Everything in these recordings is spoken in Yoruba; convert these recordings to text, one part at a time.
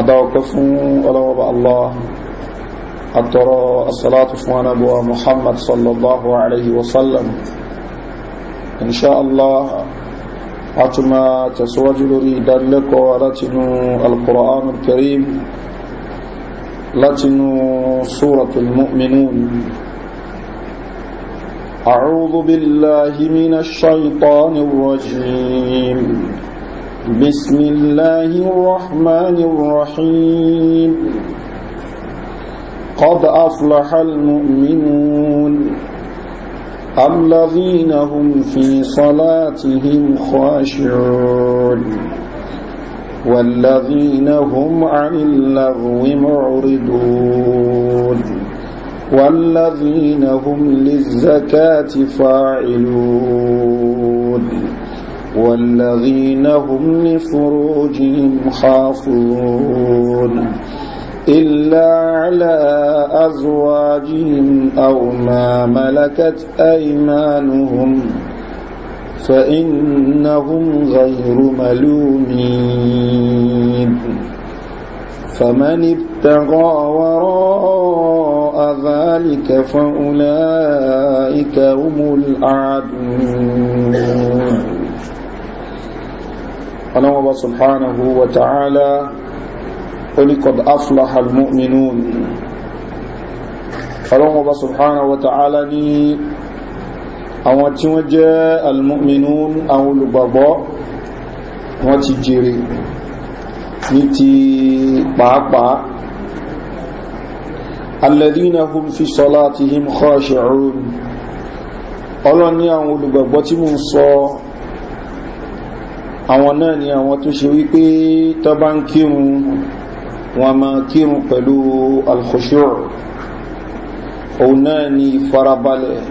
adáwọ̀pẹ́ fún ọlọ́wọ́ba allah àtọrọ asalatu fún anábọ̀wà muhammad sallallahu alaihi wasallam insha allah a tún ma tẹ̀síwájú lórí ìdánilẹ́kọ̀ọ́ látinú alkùrán karim látinú suratul mu'minun أعوذ بالله من الشيطان الرجيم بسم الله الرحمن الرحيم قد أفلح المؤمنون الذين هم في صلاتهم خاشعون والذين هم عن اللغو معرضون والذين هم للزكاة فاعلون والذين هم لفروجهم خافون إلا على أزواجهم أو ما ملكت أيمانهم فإنهم غير ملومين فمن ابتغى وراء ذلك فأولئك هم الأعدون ọlọ́wọ́ba subhanahu wa ta'ala oníkọ̀dá aflahal mu'minun ọlọ́wọ́ba subhanahu wa ta'ala ní àwọn tí wọ́n jẹ́ almu'minun àwọn olùgbàgbọ́ wọ́n ti jèrè ní ti pàápàá alladina hum fi salatihim khashi'un ọlọ́ni àwọn olùgbàgbọ́ tí mo ń àwọn náà ni àwọn tó ṣe wípé tó bá ń kírun wọn máa kírun pẹ̀lú alkhushur òun náà ni farabalẹ̀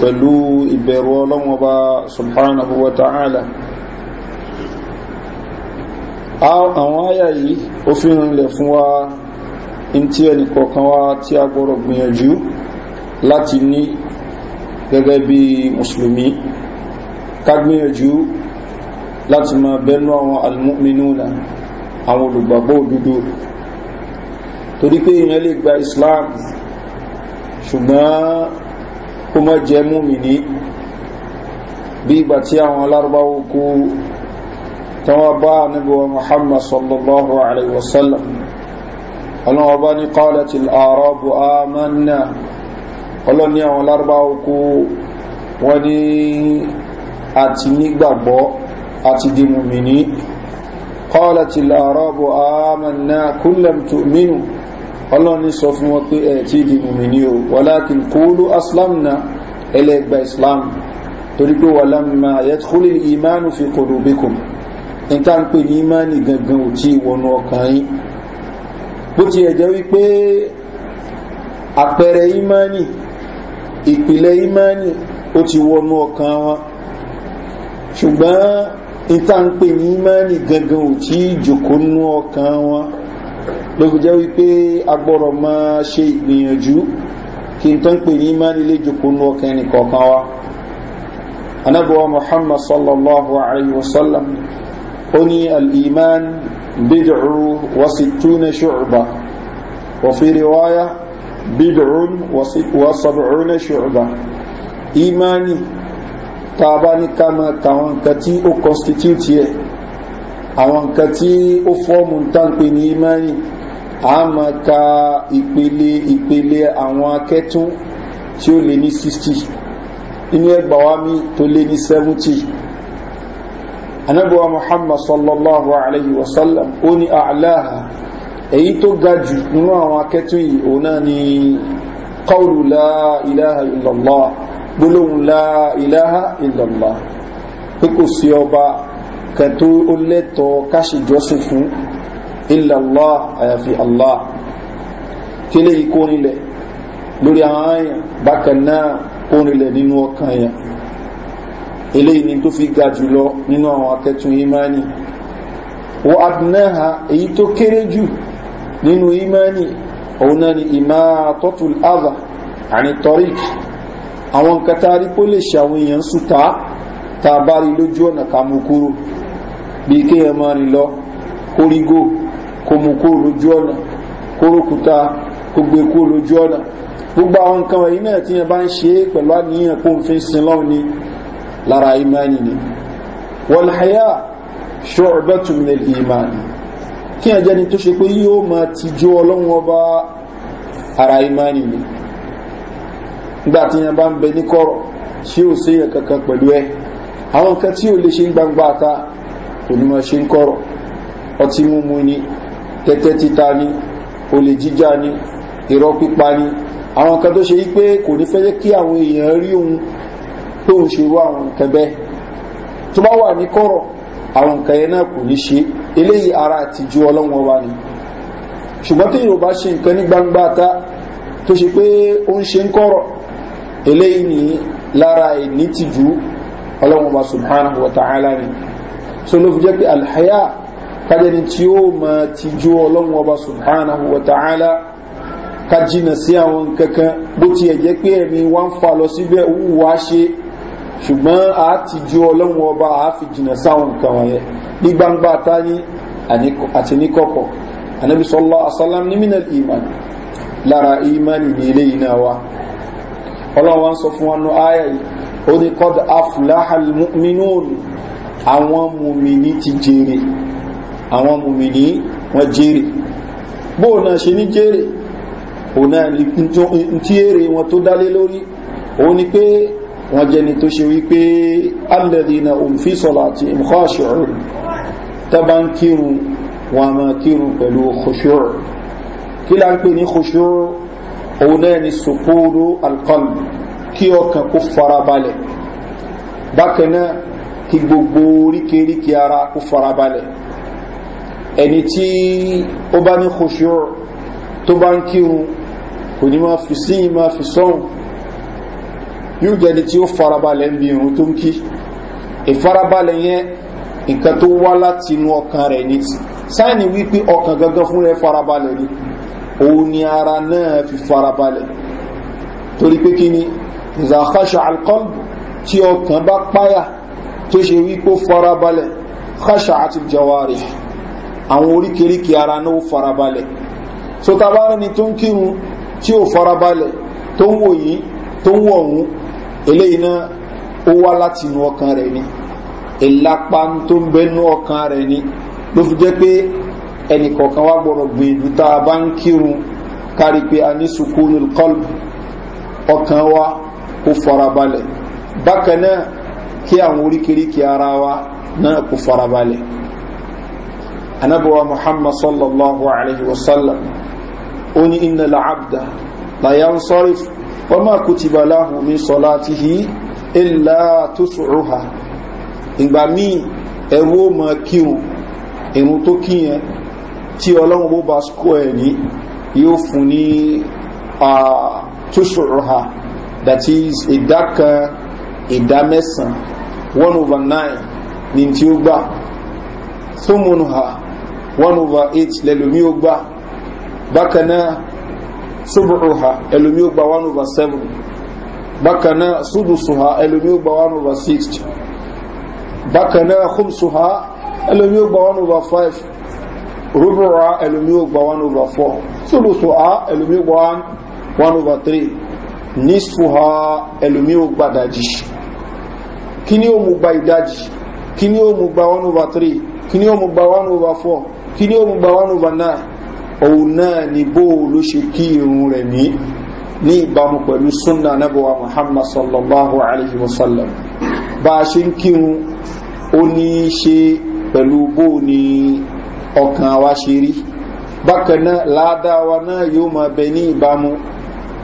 pẹ̀lú ìbẹ̀rù ọlọ́wọ́n bá subhanahu wa ta'ala àwọn àyà yìí ó fi rìnlẹ̀ fún wa in tí ẹnì kọ̀ọ̀kan wa tí a gbọ́rọ̀ gbìyànjú láti ní gẹ́gẹ́ bí mùsùlùmí ká gbìyànjú láti máa bẹnu àwọn almu'minuna àwọn olùgbàgbọ́ òdodo torí pé èèyàn lè gba islam ṣùgbọ́n kó mọ́ jẹ́ múmìní bí ìgbà tí àwọn alárúbáwó kú tánwà bá níbíwa muhammad sallallahu alaihi wasallam ọlọ́wọ́ bá ní kọ́lẹ̀ tí àrọ́bù amánà ọlọ́ni àwọn alárúbáwó kú wọ́n ní àti nígbàgbọ́ àti di mùmìnì kọ́lẹ̀tì làárọ̀bù àmàna kúlẹ̀m tó mínú ọlọ́ni sọ fún wọn pé ẹ̀ tí di mùmìnì o wàlákin kúlù aslamna ẹlẹ́gbà islam torí pé wàlámà yẹtùkúlì ìmánu fi kòrò bíkùn nta ń ṣùgbọ́n ìta ń pè ní mẹ́rin gangan ò tí jòkónú ọkàn wọn lókù jẹ́ wípé agbọ́rọ̀ máa ṣe ìgbìyànjú kí n tán pè ní mẹ́rin lè jòkónú ọkàn ẹni kọ̀ọ̀kan wa anábọ̀wá muhammad sallallahu alayhi wa sallam ó ní al-iman bid'u wa sittuna shu'ba wa riwaya bid'un wa sab'una shu'ba imani tá a bá ní ká máa ka àwọn nǹkan tí ó constitute yẹ àwọn nǹkan tí ó fọ́ọ̀mù ń tàǹpé ní imani a máa ka ìpele ìpele àwọn akẹ́tún tí ó lé ní 60 inú ẹgbà wa mi tó lé ní 70 anábíwá muhammad sallallahu alayhi wa sallam ó ní àláhà èyí tó ga jù nínú àwọn akẹ́tún yìí òun náà ni qawlu la ilaha gbólóhùn la ilaha illallah pé kò sí ọba kan tó ó lẹ́tọ̀ọ́ káṣíjọ́sìn fún illallah àyàfi allah kí lè kó nílẹ̀ lórí àwọn àyàn bákan náà kó nílẹ̀ nínú ọkàn yẹn eléyìí ni tó fi ga jùlọ nínú àwọn akẹ́tún imani wọ́n adúnáha èyí tó kéré jù nínú imani òun náà ni ìmáà tọ́tù àdà àni tọ́ríkì àwọn nǹkan tá a rí pé ó lè ṣe àwọn èèyàn súta tá a bá rí lójú ọ̀nà ká mú kúrò bí kéèyàn máa rìn lọ kó rí gò kó mú kúrò lójú ọ̀nà kó rókúta kó gbé kúrò lójú ọ̀nà gbogbo àwọn nǹkan wọ̀nyí náà tí yẹn bá ń ṣe pẹ̀lú àníyàn kó ń fi sin lọ́wọ́ ni lára ìmáàni ni wọ́n hayá ṣọ́ọ̀bẹ́ túnmílẹ̀ ìmáàni kí ẹjẹ́ ni tó ṣe pé yíó ma ti jó ọlọ́run ọba ara ìmáàni ni nígbà tí yẹn bá ń bẹ ní kọ́rọ̀ tí ó sí yẹn kankan pẹ̀lú ẹ àwọn nǹkan tí ò lè ṣe ń gbangba ta kò ṣe ń kọ́rọ̀ ọtí mímu ni tẹ́tẹ́ títa ni olè jíjà ni irọ́ pípa ni àwọn nǹkan tó ṣe yí pé kò ní fẹ́ kí àwọn èèyàn rí òun tó ń ṣerú àwọn nǹkan bẹ́ẹ̀ tó bá wà ní kọ́rọ̀ àwọn nǹkan yẹn náà kò ní ṣe eléyìí ara àtijú ọlọ́wọ́n wa ni ṣùgbọ́n tí yorùbá ṣe nǹkan ní gbangba ta tó ṣe pé ó ń ṣe ń kọ́rọ̀ eléyìí ni lára ẹni tìjú ọlọ́run ọba subhanahu wa ta'ala ni so ló fi jẹ́ pé alhaya kájẹni tí ó ma tìjú ọlọ́run ọba subhanahu wa ta'ala ká jìnà sí àwọn kankan bó ti ẹ̀ jẹ́ pé ẹ̀mí wá ń fa lọ síbẹ̀ òun wá ṣe ṣùgbọ́n a tìjú ọlọ́run ọba a fi jìnà sáwọn nǹkan wọ̀nyẹn ní gbangba àti ní kọ̀kọ̀ anabi sallallahu alaihi ní minal iman lára iman ní eléyìí náà wá ọlọ́wọ́ ń sọ fún wọn nú ayà yìí ó ní kọ́dà afúláhàl mínúùn àwọn mùmìnì ti jèrè àwọn mùmìnì wọn jèrè bóò náà ṣe ní jèrè òun náà tí èrè wọn tó dálé lórí òun ni pé wọ́n jẹni tó ṣe wípé alẹ́dìnà òmfí àti ìmọ̀ tẹ́bá ń kírun wọn máa kírun pẹ̀lú kòṣòrò kí lá ń pè ní kòṣòrò òun náà ni sukúrú alqalb kí ọkàn kó farabalẹ̀ bákan náà kí gbogbo oríkèéríkè ara kó farabalẹ̀ ẹni tí ó bá ní kòṣùọ́ tó bá ń kírun kò ní máa fi sí máa fi sọ́hùn yóò jẹ́ni tí ó farabalẹ̀ ń bi irun tó ń kí ìfarabalẹ̀ yẹn nǹkan tó wá látinú ọkàn rẹ̀ ní sáìnì wípé ọkàn gangan fún rẹ̀ farabalẹ̀ ni. Fara òun ni ara náà fi farabalẹ̀ torí pé kí ni ìzàkáṣà alkọ́lù tí ọkàn bá páyà tó ṣe wípó farabalẹ̀ káṣà àti jawari àwọn oríkèríkè ara náà farabalẹ̀ so tabára ni tó ń kírun tí ó farabalẹ̀ tó ń wò tó ń wọ̀ òun eléyìí náà ó wá láti inú ọkàn rẹ̀ ni ìlapa tó ń bẹnu ọkàn rẹ̀ ni ló fi jẹ́ pé ẹnì kọ̀ọ̀kan wá gbọ́dọ̀ gbìyànjú tá a bá ń kírun kárí pé a ní sukúnù kọlù ọkàn wa kó farabalẹ̀ bákan náà kí àwọn oríkèríkè ara wa náà kó farabalẹ̀ anabuwa muhammad sallallahu alaihi wasallam ó ní iná la'abda layan sọ́rif wọ́n máa kú ti baláhùn mi sọ́lá ti hì ilá tó sùúrù ha ìgbà míì ẹ̀rú ó máa kírun ìrún tó kíyàn tí ọlọ́run bó bá skó ẹ̀ ní yóò fún ní tóṣùrọ̀ha that is ìdá kan ìdá mẹ́sàn one over nine ní tí ó gbà tómùnùha one over eight lẹ́lòmí ó gbà bákan náà tóbùrọ̀ha ó gbà one over seven bákan náà súdùsùha ó gbà one over six bákan náà kúmsùha ó gbà one over five rúbùrà ẹlòmí ó gba one over four sólùsù a ẹlòmí gba one over three nísfù ha ẹlòmí ó gba dajì kí ni gba ìdajì kí ni ó gba one over three kini ni ó gba one over four kini ni ó gba one over nine òun náà ni bó ló ṣe kí irun rẹ̀ ní ní ìbámu pẹ̀lú súnà anábọ̀wá muhammad sallallahu alayhi wa sallam bá a ṣe ń kírun ó ní ṣe pẹ̀lú bó ni ọkàn wa ṣe rí bákan náà ládàá wa náà yóò máa bẹ ní ìbámu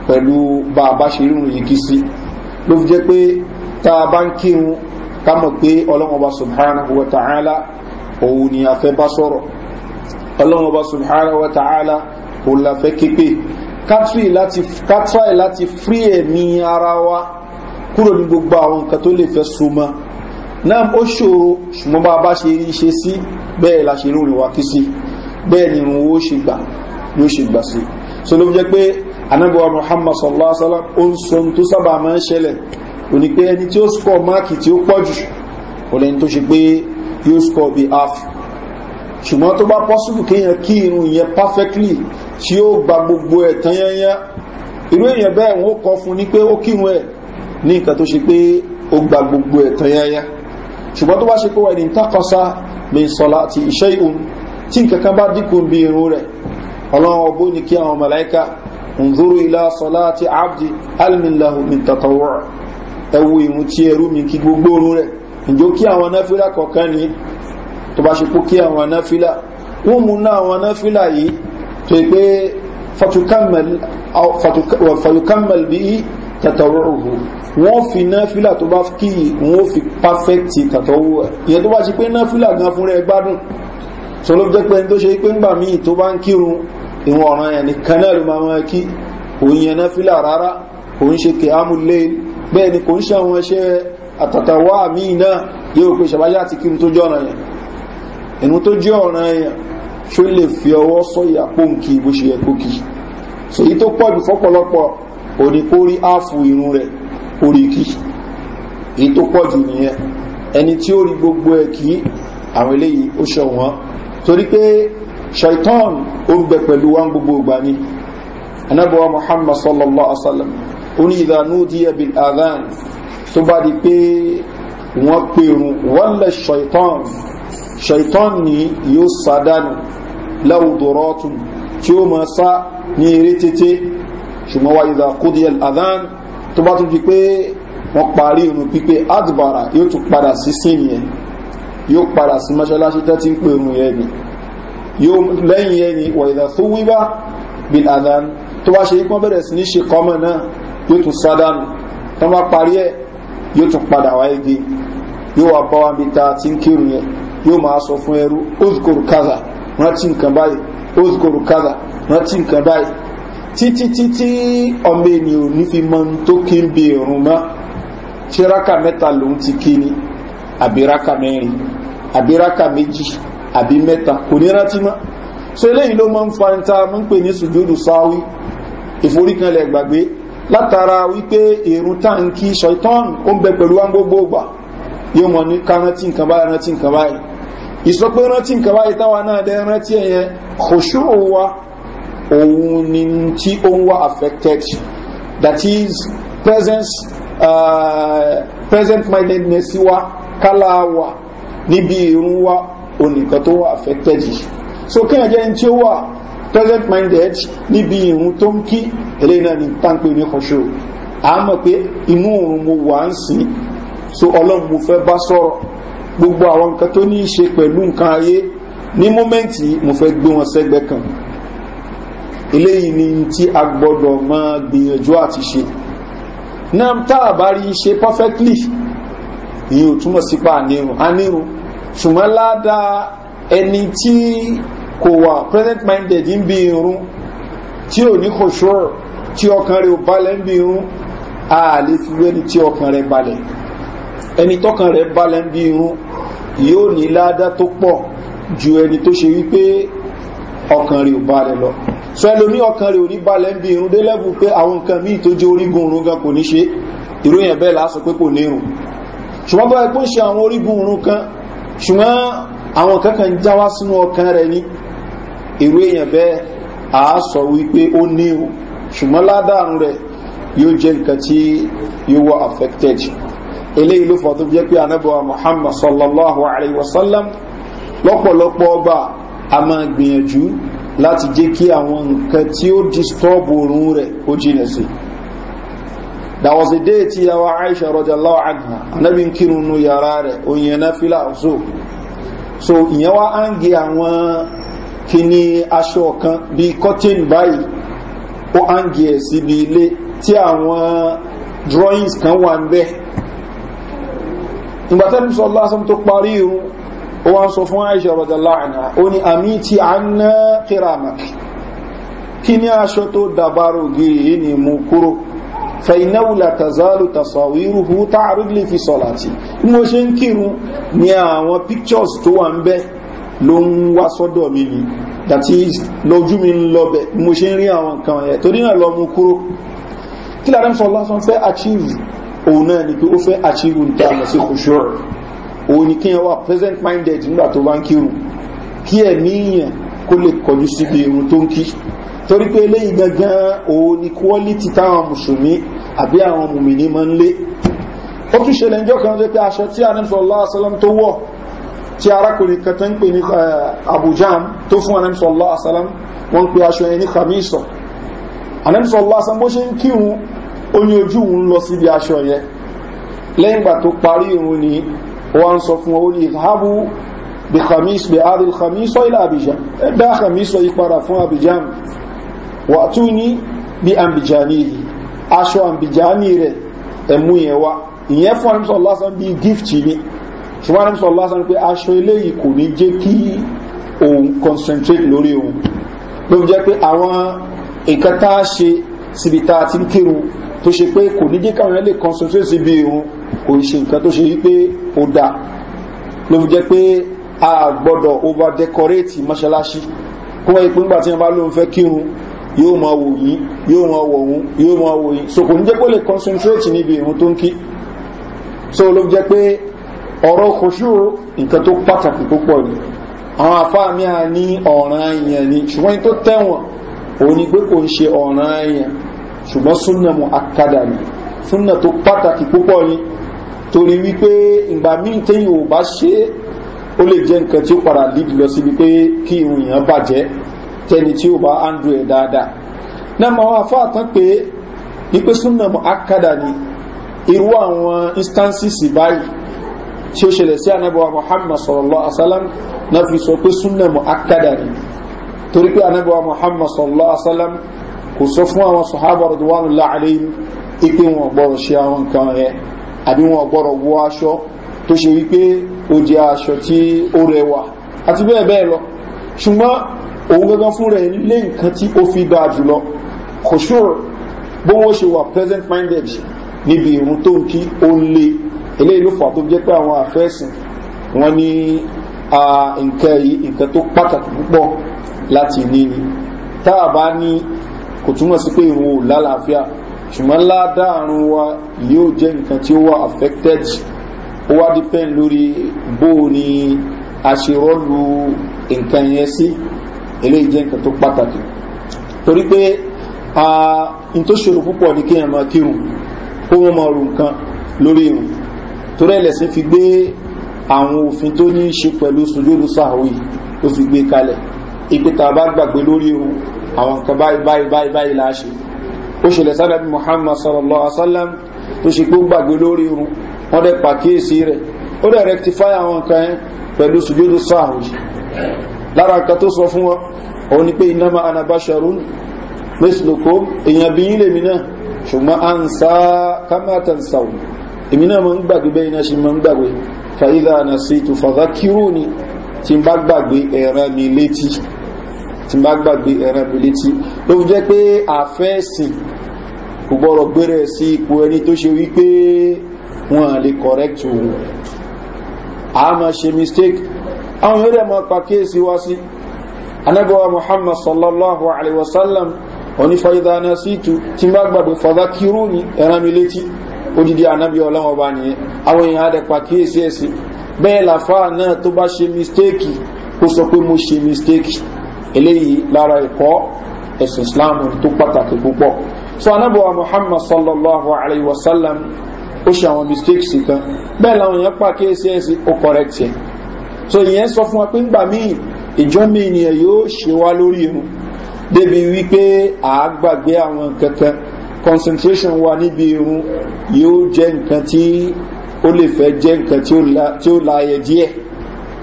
pẹ̀lú bá a bá ṣe rí òun yìí kí sí ló fi jẹ́ pé tá a bá ń kírun ká mọ̀ pé ọlọ́mọba subhanahu wa ta'ala òun ni a fẹ́ bá sọ̀rọ̀ ọlọ́mọba subhanahu wa ta'ala òun la fẹ́ képe kátúì láti frí ẹ̀mí ara wa kúrò ní gbogbo àwọn nǹkan tó lè fẹ́ so náà ó ṣòro ṣùgbọ́n bá bá ṣe rí ṣe sí bẹ́ẹ̀ la ṣe rí òrìwà kí sí bẹ́ẹ̀ ni irun ó ṣe gbà ló ṣe gbà sí so ló jẹ́ pé anábíwá muhammad sallallahu alaihi wasallam ó ń sọ tó sábà máa ń ṣẹlẹ̀ ò ní pé ẹni tí ó skọ máàkì tí ó pọ̀ jù kò lẹ́ni tó ṣe pé yóò skọ bí half ṣùgbọ́n tó bá pọ́sùlù kéèyàn kí irun yẹn perfectly tí ó gba gbogbo ẹ̀ tán yányá irú èèyàn bẹ́ẹ̀ wọ́n kọ fún ní pé ó kírun ẹ̀ ní nǹkan tó ṣe pé ó gba gbogbo ẹ̀ tán ṣùgbọ́n tó bá ṣe pé wà ní takọ́sá mi sọ̀lá àti iṣẹ́ ìhun tí nkankan bá dínkù bí irun rẹ̀ ọlọ́run ọgbó ní kí àwọn mọ̀láíkà ǹzúrú ilá sọ̀lá àti abdi alminlahu mi tàtàwọ̀ ẹwu ìhun tí ẹrú mi kí gbogbo orun rẹ̀ ǹjọ́ kí àwọn anáfílà kọ̀ọ̀kan ní tó bá ṣe pé kí àwọn anáfílà wọ́n mú ná àwọn anáfílà yìí tó yẹ pé fatukammal bí tàtàwọ́rùhù wọ́n fi náfílà tó bá kí wọ́n fi pàfẹ́tì tàtàwọ́ ẹ̀ ìyẹn tó bá ṣe pé náfílà gan fúnra ẹ gbádùn so ló jẹ́ pé ẹni tó ṣe pé ńgbà míì tó bá ń kírun ìwọ̀n ọ̀ràn ẹ̀ nìkan náà ló máa máa kí òun yẹn náfílà rárá òun ṣe kè ámúlé bẹ́ẹ̀ ni kò ń ṣe àwọn ẹṣẹ́ àtàtàwọ́ míì náà yóò pe ṣàbáyé àti kírun tó jẹ́ ọ̀ràn yẹn ìrun tó jẹ́ ọ̀ràn yẹn ṣó lè fi ọwọ́ sọ ìyàpò nkì bó ṣe yẹ kó kì so èyí tó pọ̀ jù fọ́pọ̀lọpọ̀ òní kó rí áàfù irun rẹ̀ orí kí èyí tó pọ̀ jù nìyẹn ẹni tí ó rí gbogbo ẹ̀ kí àwọn eléyìí ó ṣọ wọn torí pé shaitan ó ń bẹ pẹ̀lú wa gbogbo ìgbà ni anábọ̀wá muhammad sallallahu alaihi wa sallam ìdánú díẹ̀ bil adhan tó bá di pé wọ́n pèrún wọ́n lẹ̀ ṣaitan ṣaitan ni yóò sádánù láwùdọ̀rọ̀tún tí ó ma sá ní eré tètè ṣùgbọ́n wá ìdá kódíẹ̀l adán tó bá tún di pé wọ́n parí irun pípé adbara yóò tún padà sí sin yẹn yóò padà sí mọ́ṣáláṣí tẹ́tí ń pè irun yẹn ni yóò lẹ́yìn yẹn ni wà ìdá tó wíwá bil adán tó bá ṣe ikú bẹ̀rẹ̀ sí ní ṣe kọ́mọ̀ náà yóò tún sádánù tó bá parí ẹ̀ yóò tún padà wá igi yóò wá bá wa bí ta ti ń kírun yẹn yóò máa sọ fún ẹrú ó zùkòrò kádà rántí nǹkan báyìí ó zùkòrò kádà rántí nǹkan báyìí títí títí ọmọ ènìyàn ní fi tó kí ń bi ìrùn mọ́ ṣé ti kí ni àbí rákà mẹ́rin méjì àbí kò ní rántí mọ́ so eléyìí ló mọ́ ń fa ń ta pè ní sùjúdù sáwí ìforíkanlẹ̀ gbàgbé látara wípé èrún táǹkì ṣọ̀tán ó ń bẹ wọn gbogbo yóò wa òun ni tí ó ń wá affected that is presence uh, present mindedness wa kala wa níbi irun wa onìkan tó wà affected yìí so kí ẹjẹ́ tí ó wà present minded níbi irun tó ń kí eléyìí náà ni táǹpé ní kọ̀ṣọ́ a mọ̀ pé inú òun mo wà ń sìn so ọlọ́run mo fẹ́ bá sọ̀rọ̀ gbogbo àwọn nǹkan tó ní í ṣe pẹ̀lú nǹkan ayé ní mọ́mẹ́ǹtì mo fẹ́ gbé wọn sẹ́gbẹ́ kan eléyìí ni tí a gbọ́dọ̀ mọ́ gbìyànjú àti ṣe náà táà bá rí ṣe perfectly ìyí ò sípa ànírun ànírun ṣùgbọ́n ládàá ẹni tí kò wà present minded ń bí irun tí ò ní kò ṣọ́rọ̀ tí ọkàn rẹ̀ ò balẹ̀ ń bí irun a lè fi wẹ́ni tí ọkàn rẹ̀ balẹ̀ ẹni tọ́kàn rẹ̀ balẹ̀ ń bí irun yóò ní ládàá tó pọ̀ ju ẹni tó ṣe wípé ọkàn rẹ̀ ò balẹ̀ lọ so ẹlòmí ọkàn rẹ̀ ò ní balẹ̀ ń bi irun dé lẹ́bù pé àwọn nǹkan míì tó jẹ́ orígun òrun gan kò ní ṣe ìròyìn ẹ̀bẹ́ lásọ pé kò ní irun ṣùgbọ́n bọ́ ẹkún ṣe àwọn orígun òrun kan ṣùgbọ́n àwọn kankan ń já wá sínú ọkàn rẹ̀ ní ìròyìn ẹ̀bẹ́ àásọ wípé ó ní irun ṣùgbọ́n ládàrún affected eléyìí ló fọ́ tó jẹ́ pé anábọ̀ muhammad sallallahu alayhi wa sallam lọ́pọ̀lọpọ̀ ọba a máa láti jẹ́ kí àwọn nǹkan tí ó disturb oorun rẹ̀ ó jìnà sí that was the day tí yàwó aisha rọjàláwà àgbà anábí ń kírun nú yàrá rẹ̀ oyin ẹ̀nà fílà so so ìyẹn wá á ń gé àwọn kíní aṣọ kan bí cotton báyìí ó á ń gé ẹ̀ síbi ilé tí àwọn drawings kan wà ń bẹ́ ìgbàtẹ́lùsọ lásán tó parí irun ó wá sọ fún aisha rọ̀dọ̀lá àná ó ní àmì tí a ń ná kírama kí ní aṣọ tó dàbárò gírí ní mú kúrò fẹ̀ináwù látàzálù tàṣàwírù hù fi sọ̀làtì bí ṣe ń kírun ní àwọn pictures tó wà ń bẹ́ ló ń wá sọ́dọ̀ mi ni that is lójú mi ń lọ́bẹ̀ bí mo ṣe ń rí àwọn nǹkan ẹ̀ torí náà lọ mú kúrò kí ládàmsọ̀ lásán fẹ́ achieve òun náà ni pé ó fẹ́ achieve ń tà lọ sí kòṣùrù òun ni kíyàn wà present minded nígbà tó bá ń kírun kí ẹ̀mí yàn kó lè kọjú síbi irun tó ń kí torí pé eléyìí gangan òun ni quality táwọn mùsùlùmí àbí àwọn mùmìnì máa ń lé ó tún ṣẹlẹ̀ ńjọ́ kan jẹ́ pé aṣọ tí anamsọ̀ allah asalam tó wọ̀ tí arákùnrin kan tó ń pè ní abujam tó fún anamsọ̀ allah asalam wọ́n pe aṣọ ẹni kàmíìsọ̀ anamsọ̀ allah bó ṣe ń kírun ó ní ojú òun lọ síbi aṣọ yẹn lẹ́yìn ìgbà tó parí òun ni wọ́n sọ fún wọn ó ní ìhábù bí khamis bí adil khamis sọ ilẹ̀ abidjan ẹ dá khamis sọ yí padà fún abidjan wà tún ní bí abidjani yìí aṣọ abidjani rẹ̀ ẹ̀mú yẹn wá ìyẹn fún anamsọ lásán bí gift ni ṣùgbọ́n anamsọ lásán pé aṣọ eléyìí kò ní jẹ́ kí òun concentrate lórí òun ló jẹ́ pé àwọn nǹkan ṣe síbi tá a ti ń kírun tó ṣe pé kò ní jẹ́ káwọn yẹn concentrate síbi òun kò ṣe nǹkan tó ṣe wípé ó da ló fi jẹ́ pé a gbọ́dọ̀ over decorate mọ́ṣáláṣí kó wáyé pé ńgbà tí wọ́n bá ló ń fẹ́ kírun yóò máa wò yí yóò máa wò òun yóò máa wò yí so kò ní jẹ́ pé ó lè concentrate níbi ìrún tó ń kí so ló fi jẹ́ pé ọ̀rọ̀ kòṣù nǹkan tó pàtàkì púpọ̀ ni àwọn àfáàmì à ní ọ̀ràn èèyàn ni ṣùgbọ́n tó tẹ̀wọ̀n òun ni pé kò ń ṣe ọ̀ràn èèyàn ṣùgbọ́n súnnà mu akadà ni súnnà tó pàtàkì púpọ̀ ni torí wípé ìgbà míì téyìn ò bá ṣe é ó lè jẹ́ nǹkan tí ó padà lead lọ síbi pé kí ìrùn èèyàn bàjẹ́ tẹni tí ó bá andrew ẹ̀ dáadáa náà máa wà fún àtàn pé wípé súnà akada ni irú àwọn instances báyìí tí ó ṣẹlẹ̀ sí anábọ̀wá muhammad sallallahu alaihi wasallam náà fi sọ pé súnà akada ni torí pé anábọ̀wá muhammad sallallahu alaihi wasallam kò sọ fún àwọn sọ̀hábà rẹ̀ wà ní láàrin ìpín wọn gbọ́rọ̀ ṣe àwọn nǹkan yẹn àbí wọn gbọ́rọ̀ wọ aṣọ tó ṣe wípé ó jẹ́ aṣọ tí ó rẹwà àti bẹ́ẹ̀ bẹ́ẹ̀ lọ ṣùgbọ́n òun gangan fún rẹ̀ lé nǹkan tí ó fi dáa jùlọ kò ṣòro bó wọ́n ṣe wà present minded níbi ìrún tó ń kí ó ń lé eléyìí ló fà tó jẹ́ pé àwọn àfẹ́sìn wọ́n ní nǹkan yìí nǹkan tó pàtàkì púpọ̀ láti ní ni tá a bá ní kò túmọ̀ sí pé ìrún ò lálàáfíà ṣùgbọ́n ládàárún wa yóò jẹ́ nǹkan tí ó wà affected ó wá depend lórí bó ni a ṣe rọ́lu nǹkan yẹn sí eléyìí jẹ́ nǹkan tó pàtàkì torí pé a n tó ṣòro púpọ̀ ní kí ẹ̀ máa kírun kó wọ́n máa rò nǹkan lórí irun torí ẹlẹ́sìn fi gbé àwọn òfin tó ní í ṣe pẹ̀lú sojúlù sàwí tó fi gbé kalẹ̀ ìpè a bá gbàgbé lórí irun àwọn nǹkan báyìí báyìí báyìí báyìí láṣẹ ó ṣẹlẹ̀ sáàdàbí muhammad sallallahu alaihi wasallam tó ṣe pé ó gbàgbé lórí irun wọ́n dẹ̀ pàkíyèsí rẹ̀ ó dẹ̀ rectify àwọn nǹkan yẹn pẹ̀lú sùjúdù sáàwì lára nǹkan tó sọ fún wọn òun ni pé iná ma anabasharun mẹ́sìlòkó èèyàn bí ilé mi náà ṣùgbọ́n a ń sá kámátàn sáwì èmi náà ma ń gbàgbé bẹ́ẹ̀ iná ṣe ma ń gbàgbé fàílà ànà sí ìtùfàdá ni tí bá gbàgbé ẹ̀rọ mi létí tí bá gbàgbé ẹran ìbìlétí ló fi jẹ́ pé àfẹ́ẹ̀sìn kò gbọ́rọ̀ gbẹ́rẹ̀ sí ipò ẹni tó ṣe wípé wọ́n lè correct òun a ma ṣe mistake àwọn yóò dẹ̀ máa pàkíyèsí wá sí anábọ̀wá muhammad sallallahu alaihi wasallam onífàyídá náà sí ìtù tí bá gbàgbé fọ́dá kírú ní ẹran mi létí odidi anábí ọlọ́wọ́ bá nìyẹn àwọn èèyàn adẹ̀ pàkíyèsí ẹ̀sìn bẹ́ẹ̀ làfáà náà tó bá ṣe mistake ó sọ pé mo ṣe mistake eléyìí lára ẹ̀kọ́ ẹ̀sìn islam tó pàtàkì púpọ̀ so anábọ̀wá muhammad sallallahu alayhi wa sallam ó ṣe àwọn mistakes kan bẹ́ẹ̀ làwọn èèyàn pàkíyèsí ẹ̀sìn ó correct ẹ̀ so ìyẹn sọ fún wa pé ńgbà míì ìjọ mi ènìyàn yóò ṣe wá lórí irun débi wípé àágbàgbé àwọn nǹkan kan concentration wa níbi irun yóò jẹ́ nǹkan tí ó lè fẹ́ jẹ́ nǹkan tí ó láyẹ díẹ̀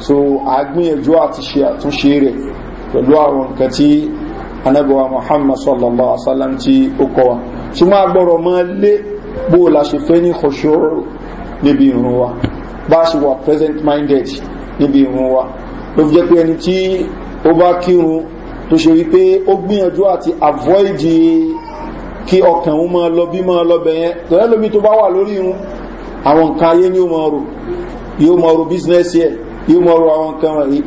so àgbìyànjú àti ṣe àtúnṣe rẹ̀ pẹ̀lú àwọn nǹkan tí anábọ̀wá muhammad sallallahu alaihi wasallam ti ó kọ́ wa ṣùgbọ́n agbọ́rọ̀ mọ́ lé bó la ṣe fẹ́ ní kòṣòro níbi ìrún wa bá ṣe wà present minded níbi ìrún wa ló fi jẹ́ pé ẹni tí ó bá kírun tó ṣe wípé ó gbìyànjú àti avoid kí ọkàn òun máa lọ bí máa lọ bẹ̀yẹn tọ́lẹ́ lómi tó bá wà lórí irun àwọn nǹkan ayé ni ó máa rò yóò máa rò business yẹ yóò máa rò àwọn nǹkan wọ̀nyí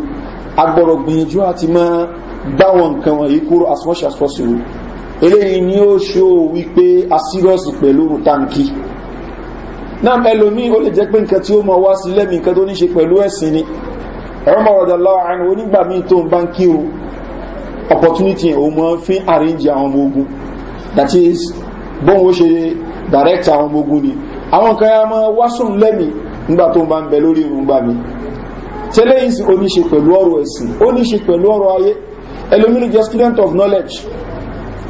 agbọ̀rọ̀ gbìyànjú àti máa gbáwọn nǹkan wọ̀nyí kúrò as much as possible eléyìí ni ó ṣó wípé a pẹ̀lú tanki náà ẹlòmí ó lè jẹ́ pé nǹkan tí ó mọ wá sí lẹ́mí nǹkan tó ní ṣe pẹ̀lú ẹ̀sìn ni ẹ̀rọ opportunity ẹ̀ o mọ́ fi that is bóun ó ṣe direct àwọn ọmọ ogun ni àwọn kan yá tẹ́lẹ̀ yìí sì ó ní ṣe pẹ̀lú ọ̀rọ̀ ẹ̀sìn ó ní ṣe pẹ̀lú ọ̀rọ̀ ayé ẹlòmínú jẹ́ student of knowledge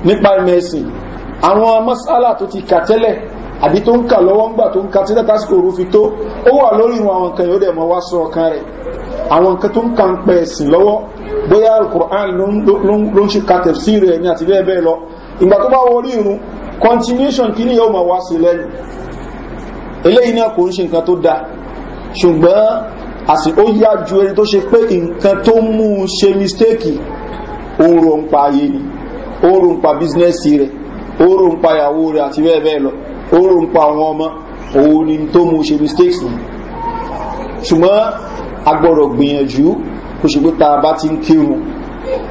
nípa ẹ̀mẹ̀ ẹ̀sìn àwọn masala tó ti kà tẹ́lẹ̀ àbí tó ń kà lọ́wọ́ ń gbà tó ń ka títẹ́ tásìkò òru fi tó ó wà lórí ìwọ̀n àwọn nǹkan ṣùgbọ́n àsìn ó yá ju ẹni tó ṣe pé nǹkan tó mú un ṣe mistake oorun ń pa ayé ni oorun ń pa bísínẹ́sì rẹ̀ oorun ń pa ìyàwó rẹ̀ àti bẹ́ẹ̀ bẹ́ẹ̀ lọ oorun ń pa àwọn ọmọ òun ni tó mú un ṣe mistakes ni ṣùgbọ́n a gbọ́dọ̀ gbìyànjú kò ṣe pé tá a bá ti ń kírun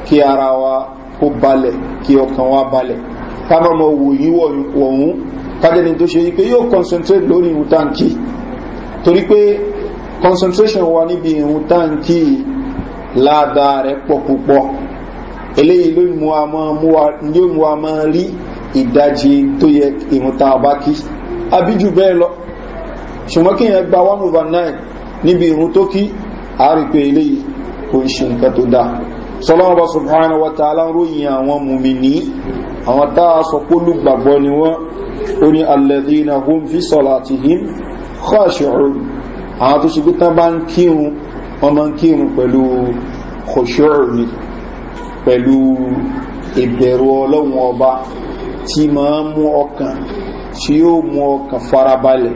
kí ara wa kó balẹ̀ kí ọkàn wa balẹ̀ ká má mọ wòyí wọ̀hún kájẹ́ni tó ṣe wípé yóò concentrate lórí ìwúta ń torí pé concentration wa níbi ìhun táǹkì ládàá rẹ̀ pọ̀ púpọ̀ eléyìí ló mú a mọ́ yóò mú a mọ́ rí ìdajì tó yẹ ìhun tá a bá kí abíjù bẹ́ẹ̀ lọ ṣùgbọ́n kí yẹn gba one over nine níbi ìhun tó kí a rí pé eléyìí kò ń ṣe nǹkan tó dáa sọlọ́wọ́ bá sọ̀bọ̀hánà wata aláròyìn àwọn mùmìní àwọn táà sọ pólú gbàgbọ́ ni wọ́n ó ní alẹ́dínà hún fi sọ̀lá àti him kọ́ àṣẹ ọ̀rọ̀ àwọn tó ṣe pé tán bá ń kírun ọmọ ń kírun pẹ̀lú kòṣọ́ọ̀rì pẹ̀lú ìbẹ̀rù ọlọ́run ọba tí ma ń mú ọkàn tí ó mú ọkàn farabalẹ̀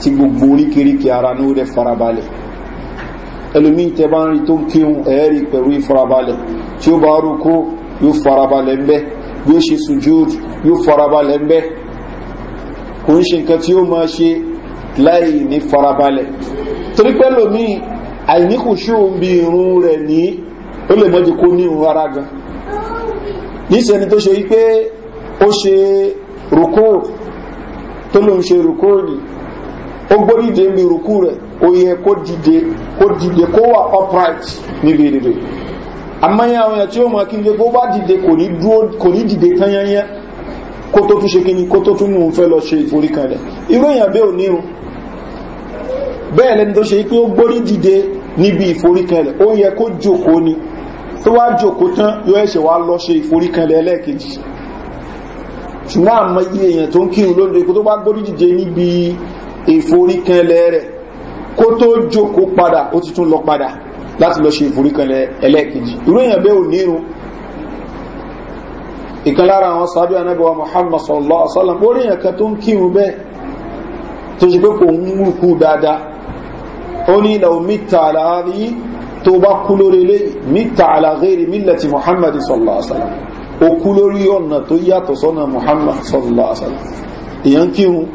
tí gbogbo oríkèríkè ara ní ó rẹ̀ farabalẹ̀ ẹlòmí tẹ bá ń rí tó ń kírun ẹ̀ẹ́rì pẹ̀lú ìfarabalẹ̀ tí ó bá rúkó yóò farabalẹ̀ ń bẹ́ bí ó ṣe sùjúd yóò farabalẹ̀ ń bẹ́ kò ń ṣe nǹkan tí ó máa ṣe láì ní farabalẹ̀ torí pé lómi àìníkùsù ń bi irun rẹ̀ ní ó lè mọ́jú kó ní irun gan ni tó ṣe wípé ó ṣe tó ló ń ṣe ni ó gbóríde ń bi rúkú rẹ̀ ó yẹ kó dìde kó dìde kó wà upright níbi rere àmọ́yẹ àwọn èèyàn tí ó mọ̀ kí n bá dìde kò ní dìde tán yányán kó tó tún ni kó tó tún fẹ́ lọ ṣe irú èèyàn ò bẹ́ẹ̀ lẹ́ni tó ṣe pé ó gbórí dìde níbi ìforíkanlẹ̀ ó yẹ kó jòkó ni tó wá jòkó tán yóò ẹ̀ṣẹ̀ wá lọ ṣe ìforíkanlẹ̀ ẹlẹ́ẹ̀kejì ṣùgbọ́n àmọ́ iye èèyàn tó ń kírun lóde kó tó bá gbórí dìde níbi ìforíkanlẹ̀ rẹ̀ kó tó jòkó padà ó ti tún lọ padà láti lọ ṣe ìforíkanlẹ̀ ẹlẹ́ẹ̀kejì irú èèyàn bẹ́ẹ̀ ò nírun ìkan lára àwọn sábẹ́ anábẹ́wà muhammad sallallahu alaihi wasallam ó rí èèyàn kan tó ń kírun bẹ́ẹ̀ tó ṣe pé kò ń rúkú dáadáa ó ní ìlàwó mítà aláàrí tó bá kú lórí lé mítà aláàrí mílẹ̀tì muhammad sallásálà ó kú lórí ọ̀nà tó yàtọ̀ sọ́nà muhammad sallásálà èyàn kírun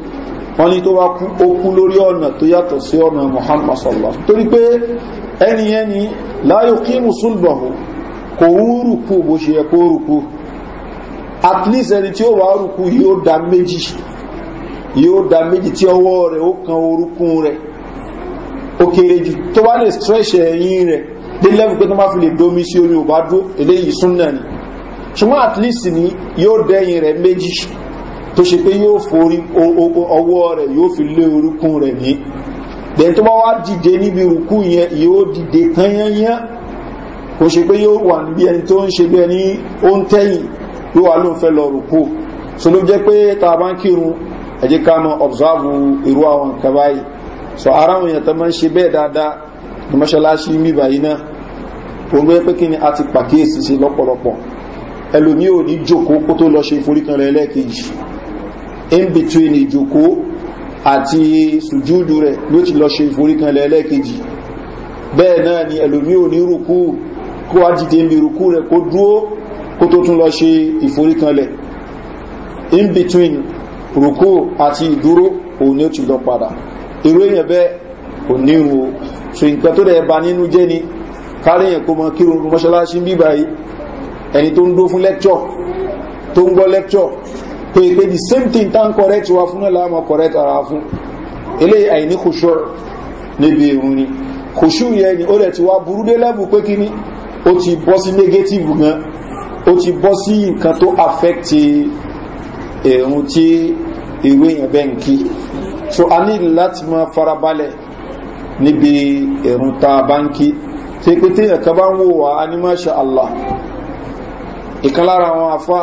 wọ́n ní tó bá ó kú lórí ọ̀nà tó yàtọ̀ sí ọ̀nà muhammad sallásálà torí pé ẹni ẹni láyò kí musulbahu kò ń rùkú bó ṣe yẹ kó rùkú at least ẹni tí ó wà rùkú yóò da méjì yóò da méjì tí ọwọ́ rẹ̀ ó kan orúkún rẹ̀ ó kéré jù tó bá lè stretch ẹ̀yìn rẹ̀ dé lẹ́bù pé tó bá fi lè domi sí orí òbá dúró eléyìí súnà ni ṣùgbọ́n at least ni yóò dẹ́yìn rẹ̀ méjì tó ṣe pé yóò forí ọwọ́ rẹ̀ yóò fi lé orúkún rẹ̀ ní dẹ̀ tó bá wá dìde níbi rúkú yẹn yóò dìde kányányán kò ṣe pé yóò wà níbi ẹni tó ń ṣe bí ẹni ó ń tẹ́yìn yóò wà ló ń fẹ́ lọ rúkú so ló jẹ́ pé tá a bá ń kírun ẹ̀jẹ̀ ká mọ observe irú àwọn nǹkan báyìí so ara àwọn èèyàn tó máa ń ṣe bẹ́ẹ̀ dáadáa ní mọ́ṣáláṣí mìbà yìí náà òun ló pé kí ni a ti pàkíyèsí sí lọ́pọ̀lọpọ̀ ẹlòmí ò ní jókòó kó tó lọ ṣe ìforíkanlẹ̀ ẹlẹ́ẹ̀kejì in between ìjókòó àti sùjúdù rẹ̀ ló ti lọ ṣe ìforíkanlẹ̀ ẹlẹ́ẹ̀kejì bẹ́ẹ̀ náà ni ẹlòmí ò ní rúkú kó wá dìde ń bi rúkú rẹ̀ kó dúó kó tó tún lọ ṣe ìforíkanlẹ̀ in between rúkú àti ìdúró òun ni ó ti lọ padà irú èèyàn bẹ́ẹ̀ kò ní ìrùn o so nǹkan tó dẹ̀ ba nínú jẹ́ ni kárí èèyàn kó mọ kí oorun mọ́ṣáláṣí bí báyìí ẹni tó ń dó fún lẹ́kṣọ̀ tó ń gbọ́ lẹ́kṣọ̀ pé pé the same thing tá ń correct wa fún náà láàmú correct ara fún eléyìí àìní kò ṣọ́ níbi ìrùn ni kò ṣú yẹn ni ó dẹ̀ negative gan ó ti bọ́ sí nǹkan tó affect èrùn so a ní láti máa farabalẹ̀ níbi ẹ̀rùn ta báńkì tí pé tí ń wò wá a ní máa allah ìkan lára àwọn afá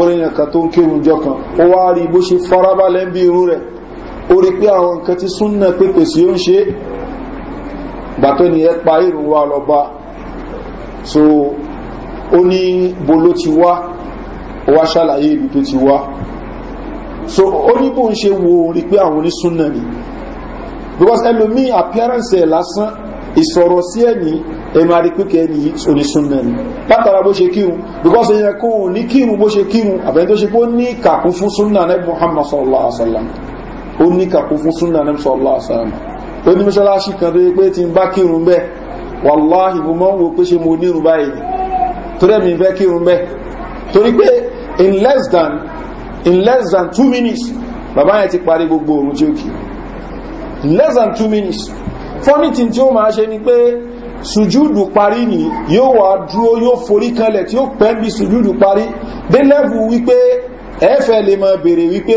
orin ẹ̀ka tó ń kírun jọ kan ó wá rí bó ṣe farabalẹ̀ ń bí irun rẹ̀ ó rí pé àwọn nǹkan tí súnà pépè sí ń ṣe gbàtọ́ ni ẹ pa ìrùn wa lọ bá so ó ní bolo ti wá ó wá ṣàlàyé ìlú tó ti wá so only ń ṣe wo rí pé àwọn onísúnà ni because ẹlòmí appearance ẹ̀ lásán ìsọ̀rọ̀ sí ẹ̀ní ẹ̀mà rí pé kẹ́ni onísúnà ni látara bó ṣe kírun because èyàn kó o ní kírun bó ṣe kírun àbẹ̀yìn tó ṣe pé ó ní kàkún fún súnà muhammad sallallahu alaihi wasallam ó ní kàkún fún súnà nẹ́bí sallallahu alaihi wasallam ó ní mọ́ṣáláṣí kan tó yẹ pé ti ń bá kírun bẹ́ẹ̀ wàláhì mo mọ́ ń wo pé ṣe mo nírun báyìí torí ẹ̀mí fẹ́ kírun bẹ́ẹ̀ torí pé in less than in less than two minutes bàbá yẹn ti parí gbogbo òun tí ó kì less than two minutes fọ́nìtì tí ó máa ṣe ni pé sùjúdù parí ni yóò wà dúró yóò forí kanlẹ̀ tí ó pẹ́ bí sùjúdù parí dé lẹ́fù wípé ẹ̀ẹ́fẹ́ lè máa bèèrè wípé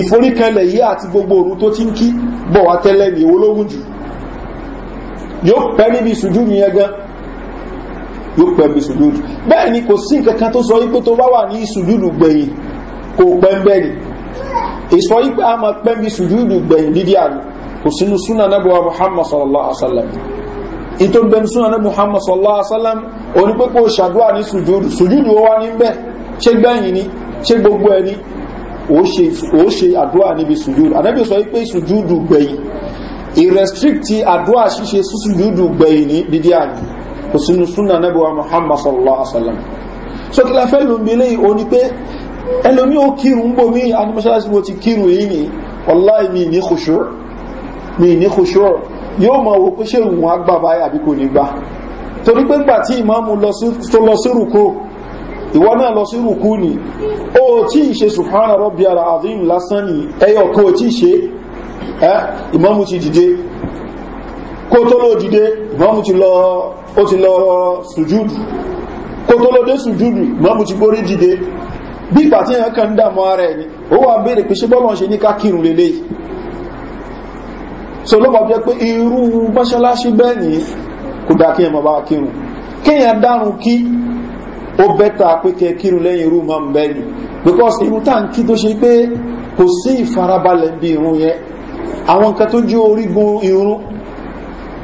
ìforí kanlẹ̀ yí àti gbogbo òun tó ti ń kí bọ̀ wá tẹ́lẹ̀ ní ológun jù yóò pẹ́ níbi sùjúdù yẹn gan yóò pẹ́ bí sùjúdù bẹ́ẹ̀ ni kò sí nǹkan kan tó sọ wípé tó bá wà ní sùjúdù gbẹ̀yìn kò pẹ́ńbẹ̀rì ìsọ ipẹ́ a máa pẹ́ńbi sùjúdù gbẹ̀yìn dídí àná kò sínú súnà náà muhammad sallallahu alaihi wasallam ìtò bẹ̀rù súnà náà muhammad sallallahu alaihi wasallam oní pé kò ṣàdúrà ní sùjúdù sùjúdù ó wá ní bẹ́ẹ̀ ṣé gbẹ̀yìn ni ṣé gbogbo ẹni ó ṣe àdúrà níbi sùjúdù ànábì sọ pé sùjúdù gbẹ̀yìn ìrẹ̀stricti àdúrà ṣíṣe sùjúdù gbẹ̀yìn ní dídí àná kò sínú súnà náà muhammad sallallahu alaihi wasallam so kí la fẹ́ lómi oní pé ẹlòmí ó kírù ń gbò mí anúmọ́ṣálásí mo ti kírù èyí ni wallahi mi ní kòṣòrò mi ní kòṣòrò yóò mọ̀ wò pé ṣe rùn agbà báyà bí kò ní gbà torí pé gbà tí ìmọ́mù tó lọ sí rùkú ìwọ náà lọ sí rùkú ni ó tí ì ṣe subhana rabbi ara azim lásán ni ẹyọ kó tí ì ṣe ẹ ìmọ́mù bí ìgbà tí èèyàn ń ara ẹ̀ ó wà béèrè pé ṣé bọ́lọ̀ ṣe ní so lọ́pàá jẹ́ pé irú mọ́ṣáláṣí bẹ́ẹ̀ ní kò dá kí ẹmọ bá kírun kíyàn dárun kí ó bẹ́ta pé kẹ kírun lẹ́yìn ma ń because irun tá ń kí tó ṣe pé kò sí ìfarabalẹ̀ bí irun yẹn àwọn nǹkan tó jí orígun irun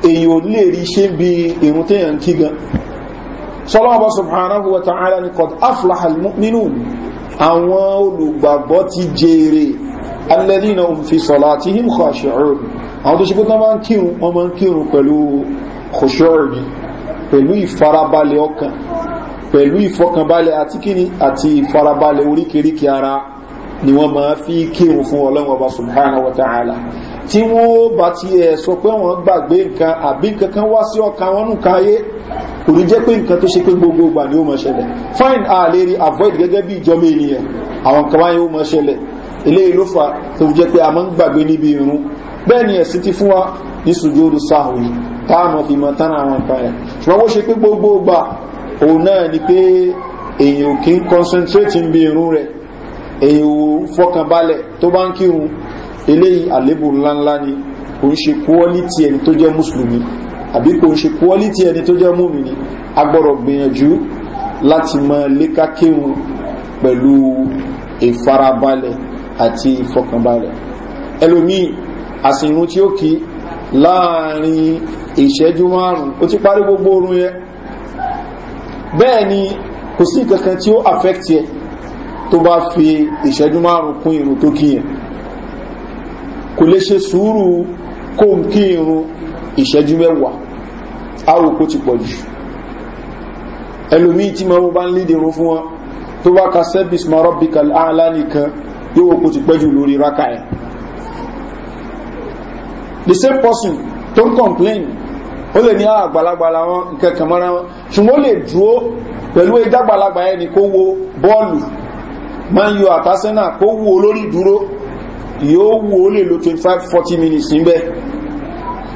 èyàn ò lè rí ṣe bí irun téèyàn kí gan subhanahu àwọn olùgbàgbọ́ ti jèrè alẹ́dínà fi sọ̀lá àti him kọ̀ṣọ̀rọ̀ àwọn tó ṣe pẹ́ta máa ń kírun wọ́n máa ń kírun pẹ̀lú kọ̀ṣọ̀rọ̀ pẹ̀lú ìfarabalẹ̀ ọkàn pẹ̀lú ìfọkànbalẹ̀ àti kíni àti ìfarabalẹ̀ oríkèríkè ara ni wọ́n máa fi kírun fún ọlọ́wọ́ba subhanahu kò ní jẹ́ pé nǹkan gbogbo ni ó mọ̀ ṣẹlẹ̀ fine a avoid gẹ́gẹ́ bí ìjọmọ ènìyàn àwọn wáyé ó mọ̀ ṣẹlẹ̀ fa tó jẹ́ pé a ń gbàgbé níbi irun bẹ́ẹ̀ ni ẹ̀sìn ti fún wa ní sùjúrù sáhùn yìí táàmù fi mọ̀ àwọn nǹkan gbogbo òun náà ni pé èèyàn kì concentrate bi irun rẹ̀ èèyàn ò fọkànbalẹ̀ tó bá ń kírun eléyìí ni kò ń ṣe quality ẹni tó jẹ́ àbí kò ṣe quality ẹni tó jẹ́ múmini agbọ́rọ̀ gbìyànjú láti mọ lékàkéhun pẹ̀lú ìfarabalẹ̀ àti ìfọkànbalẹ̀ ẹlòmí àsìnrún tí ó kí láàrin ìṣẹ́jú márùn ó ti parí gbogbo orun yẹ bẹ́ẹ̀ ni kò sí kankan tí ó affect yẹ tó bá fi ìṣẹ́jú márùn kún irun tó kíyàn kò lè ṣe sùúrù kó kí irun ìṣẹ́jú mẹ́wàá áwò kó ti pọ̀jù ẹlòmí tí ma mú bá ń lédè rún fún wọn tó bá ka sẹ́bìs marọ́bìkà àlá nìkan yóò kó ti pẹ́jù lórí rákà ẹ̀ the same person tó ń complain ó lè ní ah, àgbàlagbà làwọn nǹkan kan mọ́ra wọn ṣùgbọ́n ó lè dúró pẹ̀lú ìdágbàlagbà ẹ̀ ní kó wo bọ́ọ̀lù máa ń yọ àtàsẹ́nà kó wo lórí dúró yóò wo lè lo 25 40 minutes níbẹ̀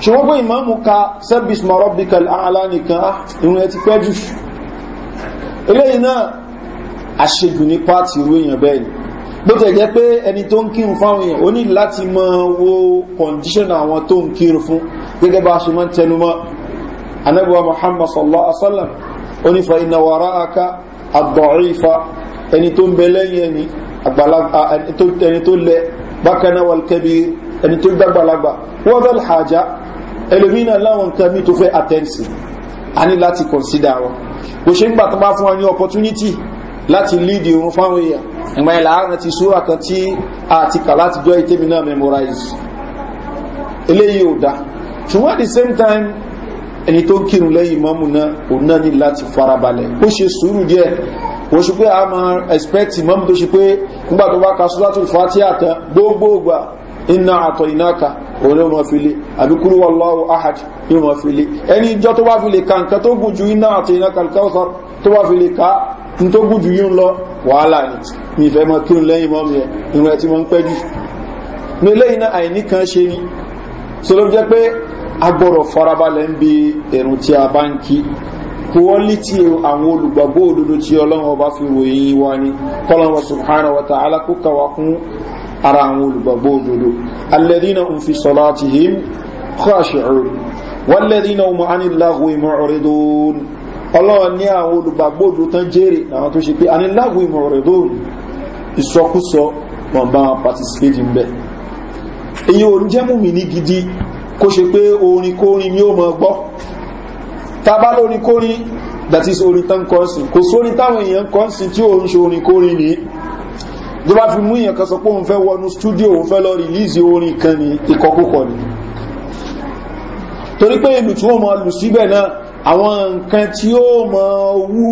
ṣùgbọ́n pé ìmáàmù ka sẹ́bìs mọ̀rọ̀bìkàl àálá nìkan ìrun ẹ ti pẹ́ jù eléyìí náà àṣejù ní pàtì irú èèyàn bẹ́ẹ̀ ni bó tẹ̀ jẹ́ pé ẹni tó ń kírun fáwọn èèyàn ó ní láti mọ wo kọ̀ndíṣọ̀nà àwọn tó ń kírun fún gẹ́gẹ́ bá ṣe mọ́ tẹnumọ́ anábíwá muhammad sallallahu alaihi wasallam ó ní fa iná wàrà aka àdọ̀rífa ẹni tó ń bẹ lẹ́yìn ẹni tó lẹ bákanáwàl ẹni tó dàgbàlagbà wọ́n bẹ́ẹ̀ hajjá ẹlòmínà láwọn nǹkan mi tó fẹ́ àtẹ́ǹsì a ní láti consider wọn kò ṣe ń gbà tó bá fún wa ní opportunity láti lead irun fáwọn èèyàn ìgbà ìlà àrùn ti súra kan tí a ti kà láti jọ ìtẹ́mi náà memorize eléyìí ò dá ṣùgbọ́n at the same time ẹni tó kírun lẹ́yìn mọ́mù náà òun náà ní láti farabalẹ̀ ó ṣe sùúrù díẹ̀ wọ́n ṣe pé a máa expect mọ́mù tó ṣe pé nígbà tó bá ka súra tó tán gbogbo Ina àtọ̀ inaka òun ni ó máa fi ahad ni ó máa fi lé ka nǹkan tó gùn ju iná ka n to guju ju yín lọ ni mi fẹ́ máa kírun lẹ́yìn mọ́ mi ẹ̀ ìrìn ń ní pé ń bi tí a bá ń kí kúwọ́lítì àwọn olùgbàgbó òdodo tí ọlọ́run ara àwọn olùgbàgbọ́ òdodo alẹ́dínà ń fi sọ́lá ti hìm kọ́ṣẹ̀rù wọ́lẹ́dínà ọmọ aníláàgbò ìmọ̀ ọ̀rẹ́dọ́n ọlọ́run ní àwọn olùgbàgbọ́ òdodo tán jèrè àwọn tó ṣe pé aníláàgbò ìmọ̀ ọ̀rẹ́dọ́n ìsọkúsọ tó bá fi mú ìyẹn kan sọ pé òun fẹ́ wọnú stúdíò òun fẹ́ lọ rìlíìsì orin kan ní ìkọkúkọ ni torí pé ìlú tí wọ́n mọ lù síbẹ̀ náà àwọn nǹkan tí ó mọ wú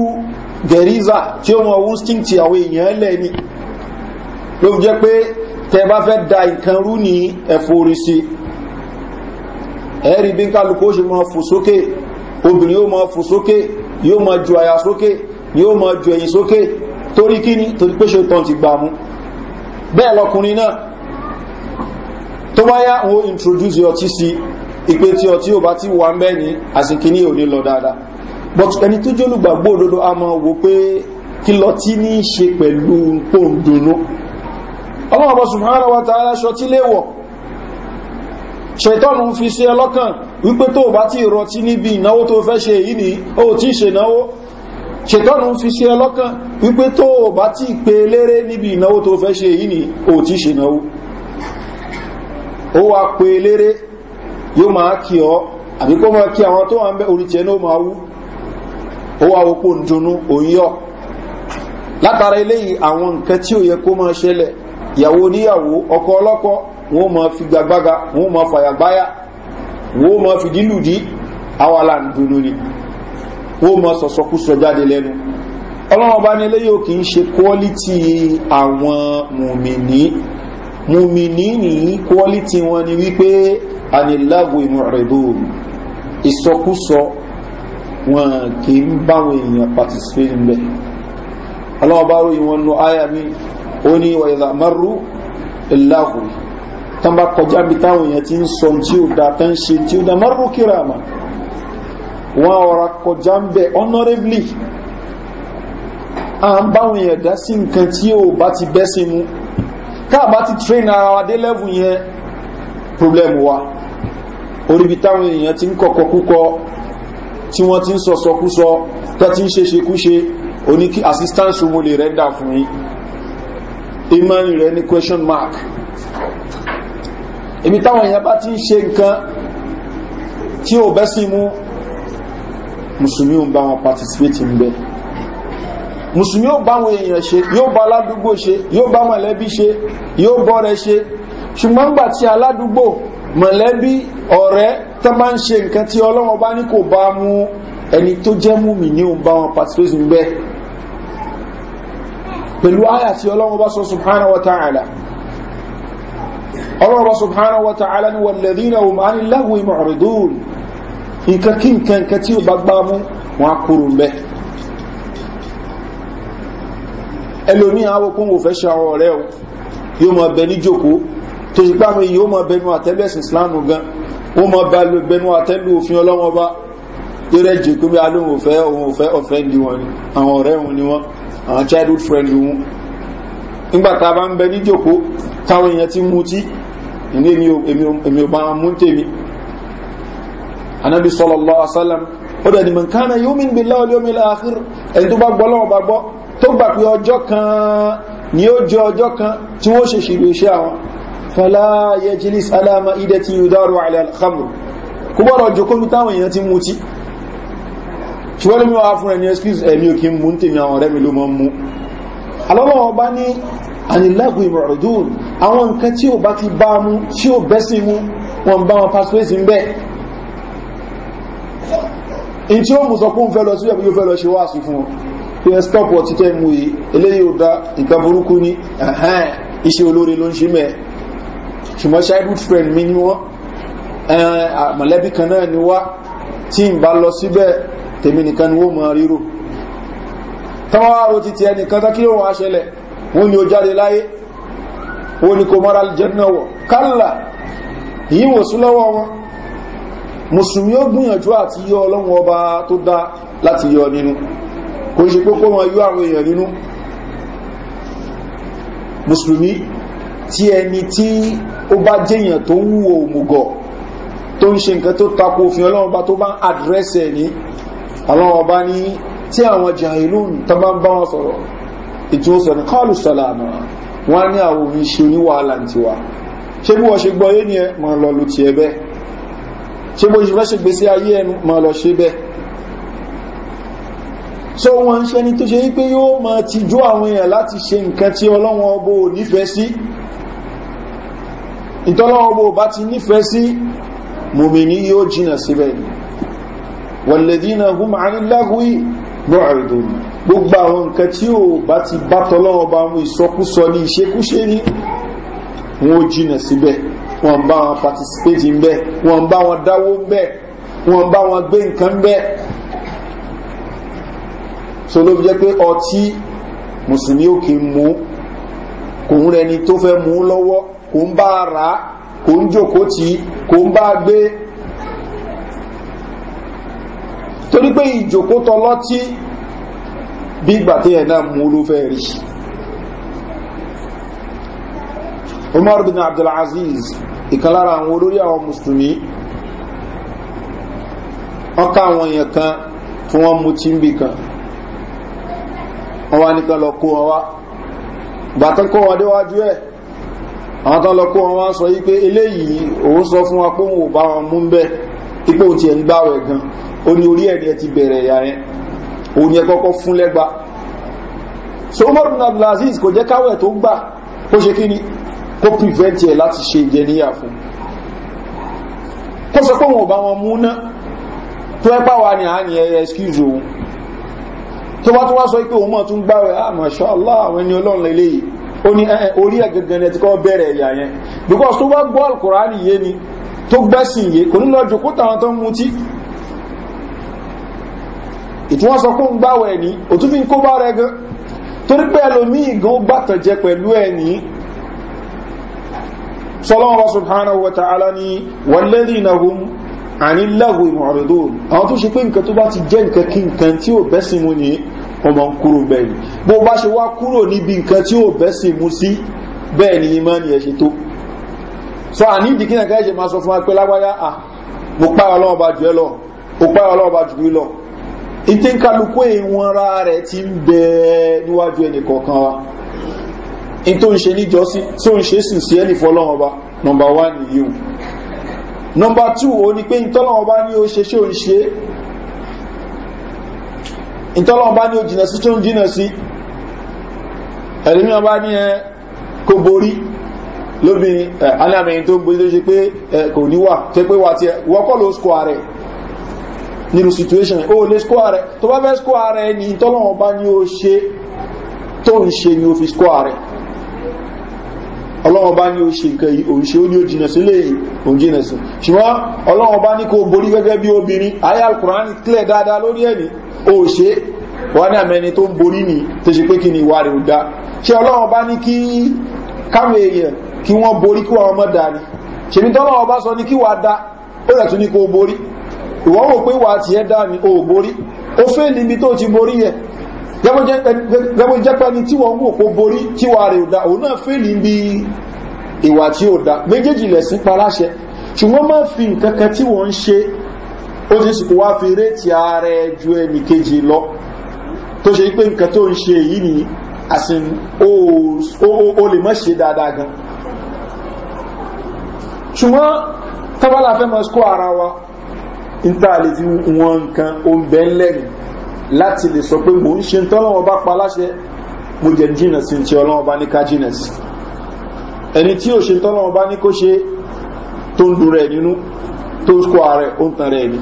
gẹ̀ríza tí ó mọ wú sting àwọn èèyàn lẹ̀ ni ló fi jẹ́ pé tẹ bá fẹ́ da nǹkan rú ní ẹ̀fọ́rí sí ẹ̀rí bí kálukú ó ṣe mọ fò sókè torí kí ni torí pé ṣe tán ti gbà mú bẹ́ẹ̀ lọkùnrin náà tó bá yá òun introduce ọtí sí ìpé tí ọtí ò bá tí wà ń bẹ́ ní àsìnkí ní lọ dáadáa but ẹni tó jólùgbàgbó òdodo a mọ̀ wò pé kí lọ tí ní ṣe pẹ̀lú pòǹdùnú ọmọ ọmọ subhanahu wa ta'ala ṣọ tí léwọ̀ ṣètọ́nù fi sí ẹlọ́kàn wípé tó bá tí níbi ìnáwó tó fẹ́ ṣe yìí ni ó tí ìṣènáwó ṣètọ́nù ń fi ṣe ẹlọ́kàn wípé tó o bá tí pe eléré níbi ìnáwó tó fẹ́ ṣe yìí ni o ti ṣe náwó ó pe eléré yóò máa kí ọ àbí kó máa kí àwọn tó wà ń bẹ́ oríṣẹ́ ní ó máa wú ó wá opó ń dunnú òun yọ látara eléyìí àwọn nǹkan tí ó yẹ kó máa ṣẹlẹ̀ ìyàwó oníyàwó ọkọ ọlọ́kọ wọn ó máa wọn ó máa fàyàgbáyà wọn ó máa ó mọ sọ̀sọ̀kúsọ jáde lẹ́nu ọlọ́run bá ní eléyìí ò kì í ṣe quality àwọn mùmìnì mùmìnì ní quality wọn ni wípé aniláwo ìmọ̀rẹ̀dò ìsọkúsọ wọn kì í báwọn èèyàn participate ń bẹ̀ ọlọ́run bá ròyìn wọn nu àyà mi ó ní wàyẹ̀dà márùn ìláhùn tán bá kọjá bí táwọn èèyàn ti ń sọ tí ó da tán ṣe tí ó da márùn kíra máa wọn ọ̀rọ̀ kọjá ń bẹ̀ honorably a ń báwọn èèyàn dá sí nǹkan tí ó bá ti bẹ́ sí mú káàbá ti train ara wa dé lẹ́vù yẹn problem wa oríbi táwọn èèyàn ti ń kọ̀kọ́ kúkọ tí wọ́n ti ń sọ̀sọ̀kúsọ tó ti ń ṣe ṣe kúṣe oní kí assistance mo lè rẹ́ndà fún yí imani rẹ̀ ní question mark ibi táwọn èèyàn bá ti ń ṣe nǹkan tí ó bẹ́ sí mú mùsùlùmí ò ń bá wọn participate ń bẹ mùsùlùmí ò bá wọn èèyàn ṣe yóò bá aládùúgbò ṣe yóò bá mọ̀lẹ́bí ṣe yóò bọ́rẹ̀ ṣe ṣùgbọ́n gbà tí aládùúgbò mọ̀lẹ́bí ọ̀rẹ́ tó máa ń ṣe nǹkan tí ọlọ́wọ́n bá ní kò bá mú ẹni tó jẹ́ mú mi ní òun bá wọn participate ń bẹ pẹ̀lú àyà tí ọlọ́wọ́n bá sọ subhanahu wa ta'ala ọlọ́wọ́n bá subhanahu wa ta'ala ni wàlẹ́dínà òun á ní láwùí mọ̀rẹ̀dún nǹkan kí nǹkan nǹkan tí ó bá gbá mú wọn á kúrò ń bẹ́ ẹlòmí àwọn kún wò ṣe àwọn ọ̀rẹ́ o yóò mọ bẹ níjòkó tó sì pàmì yìí ó mọ bẹnu àtẹ́lẹ̀sìn islamu gan ó mọ bẹnu àtẹ́lù òfin ọlọ́wọ́n bá eré jèkó bí alóhùn òfẹ́ òhun òfẹ́ ọ̀fẹ́ ní wọn ni àwọn ọ̀rẹ́ òun ni wọn àwọn childhood friend wọn nígbàtà bá ń bẹ níjòkó táwọn èèyàn ti mú tí èmi ò bá wọn mú tèmi anabi sallallahu alaihi wasallam ó dẹ̀ ni man kana yu'min billahi wal yawmil akhir ẹni tó bá gbọ́ lọ́wọ́ bá gbọ́ tó gbà pé ọjọ́ kan ni ó jẹ́ ọjọ́ kan tí wọ́n ṣe ṣìrò iṣẹ́ àwọn fala yajlis ala ma'idati yudaru ala al-khamr kó gbọ́dọ̀ jókòó mi táwọn èèyàn ti mutí ṣùgbọ́n lómi wá fún ẹni excuse ẹ̀mí ò kí ń mú tèmi àwọn ọ̀rẹ́ mi ló mọ́ mú alọ́lọ́wọ́ bá ní ànilágùn ìmọ̀rọ̀dún àwọn nǹkan tí ò bá ti bá mú tí ò bẹ́sìn mú wọn bá wọn pàṣẹ́sì ń in tí ó mú sọ kún fẹ́ lọ síbẹ̀ yóò fẹ́ lọ ṣe wá sí fún pé ẹ stop ọtí tẹ́ mú yìí eléyìí ò dá nǹkan burúkú ní iṣẹ́ olóore ló ń ṣe mẹ́ ṣùgbọ́n childhood friend mi ni wọ́n mọ̀lẹ́bí kan náà ni wá tí n bá lọ síbẹ̀ tèmi nìkan ni wọ́n mọ̀ ríro tọ́wọ́ àrò ti ti ẹnìkan tó kí ló wọ́n aṣẹlẹ̀ wọ́n ni ó jáde láyé wọ́n ni kò mọ́ra jẹ́ náà wọ̀ kálà yíwọ̀súlọ́wọ́ wọn mùsùlùmí ó gbìyànjú àti yọ ọlọ́run ọba tó dá láti yọ nínú kò ṣe pé kó wọn yọ àwọn èèyàn nínú mùsùlùmí tí ẹni tí ó bá jẹ́yàn tó ń wúwo òmùgọ̀ tó ń ṣe nǹkan tó tako òfin ọlọ́run ọba tó bá ń àdírẹ́sẹ̀ ní ọlọ́run ọba ní tí àwọn jàìlú tó bá ń bá wọn sọ̀rọ̀ ètò ó sọ ní kọlù sọ̀làmà ní àwọn òun ṣe oníwàhálà tiwa ṣé bí wọ́n ṣe gbọ́ yé ni ẹ máa lọ lu tiẹ̀ bẹ́ẹ̀ ṣe bó ṣe gbèsè ayé ẹnu ma lọ ṣe bẹ́ so wọn ṣe ni tó ṣe wípé yóò ma ti jó àwọn èèyàn láti ṣe nǹkan tí ọlọ́wọ́n ọbọ̀ ò nífẹ̀ẹ́ sí ìtọ́lọ́wọ́n ọbọ̀ bá ti nífẹ̀ẹ́ sí mòmìnì yóò jìnà síbẹ̀ wàlẹ̀dínà hùm àrílágúí bọ́ọ̀rìdùn wọ́n bá wọn participate ń bẹ́ wọ́n bá wọn dáwó ń bẹ́ wọ́n bá wọn gbé nǹkan bẹ́ so ló fi jẹ́ pé ọtí mùsùlùmí ò kì í mú kò ń rẹni tó fẹ́ mú lọ́wọ́ kò ń bá rà á kò ń jòkó tí kò ń bá gbé torí pé ìjòkó tọlọ́tí bí ìgbà náà mú ló fẹ́ rí i umar bin Abdul Aziz lára àwọn olórí àwọn mùsùlùmí ọkà àwọn èèyàn kan tí wọ́n mú tí ń bì kan wọ́n nìkan lọ kó wọn wá bàtán kó wọn déwájú ẹ̀ àwọn tán lọ kó wọn wá sọ yí pé eléyìí òun sọ fún wa pé òun ò bá wọn mú ń bẹ́ ipò tí ẹ̀ ń gbáwẹ̀ gan ó ní orí ẹ̀rí ẹ̀ ti bẹ̀rẹ̀ ìyá yẹn òun yẹ kọ́kọ́ fún lẹ́gba so umar bin abdulaziz kò jẹ́ káwẹ̀ tó gbà ó ṣe kí ni kó prevent ẹ̀ láti ṣe ìjẹniyà fún kó sọ pé wọn ò bá wọn mú ná tó ẹ́pá wa ni àá ní ẹ̀yẹ excuse òun tó bá tún wá sọ pé òun mọ̀ tún gbáwẹ̀ àmọ̀ṣọ́ ah, aláàwọn ẹni ọlọ́run lélẹ́ yìí ó ní eh, eh, orí ẹ̀ gẹ̀gẹ̀ ẹ̀ ti kọ́ bẹ̀rẹ̀ ẹ̀yà yẹn because tó bá gbọ́ alukùránì yé ni tó gbẹ́sìn yé kò ní lọ jòkó táwọn tó ń mutí ìtúwọ́n sọ pé òun gbáwẹ̀ ni òtún fi ń kó bá rẹ gan torí pé ẹlòmíì gan ó gbàtànjẹ pẹ̀lú ẹ̀ nìyí sọlọ́wọ́ subhanahu wa ta'ala ni wàlẹ́rì na hùn àní lẹ́hù ìmọ̀rìdó àwọn tó ṣe pé nǹkan tó bá ti jẹ́ nǹkan kí nǹkan tí ó bẹ́ sí mú ní ọmọ kúrò bẹ́ẹ̀ni bó bá ṣe wá kúrò níbi nǹkan tí ó bẹ́ sí mú sí bẹ́ẹ̀ni imá ni ẹ̀ tó sọ àní in tó ń ṣe níjọsí tó ń ṣe sincerely fọ́lọ́wọ́n ọba number one you. Number two o ni pé ìtọ́lọ́wọ́n ọba ní o ṣe ṣé o ń ṣe ìtọ́lọ́wọ́n ọba ní o jìnà sí tó ń jìnà sí ẹ̀lẹ́mí ọba ní ẹ kò borí lóbìnrin alámẹ́yìn tó ń borí tó ṣe pé kò níwà tó pé wà tí wọ́kọ́ ló sọ ààrẹ nínú situation o lè sọ ààrẹ tó bá fẹ́ sọ ààrẹ ní ìtọ́lọ́wọ́n ọba ní o ṣe tó ń ṣe ni o fi sọ ààrẹ ọlọ́wọ́ bá ní o ṣe nǹkan òṣè ó ní o jìnà sí léyìn òun jìnà sí ṣùgbọ́n ọlọ́wọ́ bá ní kò borí gẹ́gẹ́ bí obìnrin ayé alkùnrin clear dáadáa lórí ẹ̀mí o ṣe ní àmẹ́ni tó ń borí ni tó ṣe pé kí ni ìwà rẹ̀ ò dá ṣe ọlọ́wọ́ bá ní kí káwọn èèyàn kí wọ́n borí kí wọ́n mọ́ dá ni ṣèmi tọ́lọ́wọ́ bá sọ ní kí wàá dá gẹ́gbọ́n jẹ́ pẹ́ni tí wọ́n wò kó borí tí wà rẹ̀ òdá òun náà fèlì bí ìwà tí ó dá méjèèjì lẹ̀ sí paláṣẹ ṣùgbọ́n má fi nkankan tí wọ́n ń ṣe ó ti sùkú wá fi rétí ààrẹ ju ẹnì kejì lọ tó ṣe pé nkan tó ń ṣe èyí ni àsìn ó lè mọ́ ṣe dáadáa gan ṣùgbọ́n tábàlà fẹ́ mọ́ sukó láti lè sọ pé mò ń ṣe tọ́lọ́wọ́ bá pa láṣẹ mo jẹ jìnà sí ti ọlọ́wọ́ bá ní ká jìnà sí ẹni tí ò ṣe tọ́lọ́wọ́ bá ní kó ṣe tó ń dùn rẹ̀ nínú tó ń kọ́ ààrẹ ó ń tan rẹ̀ ni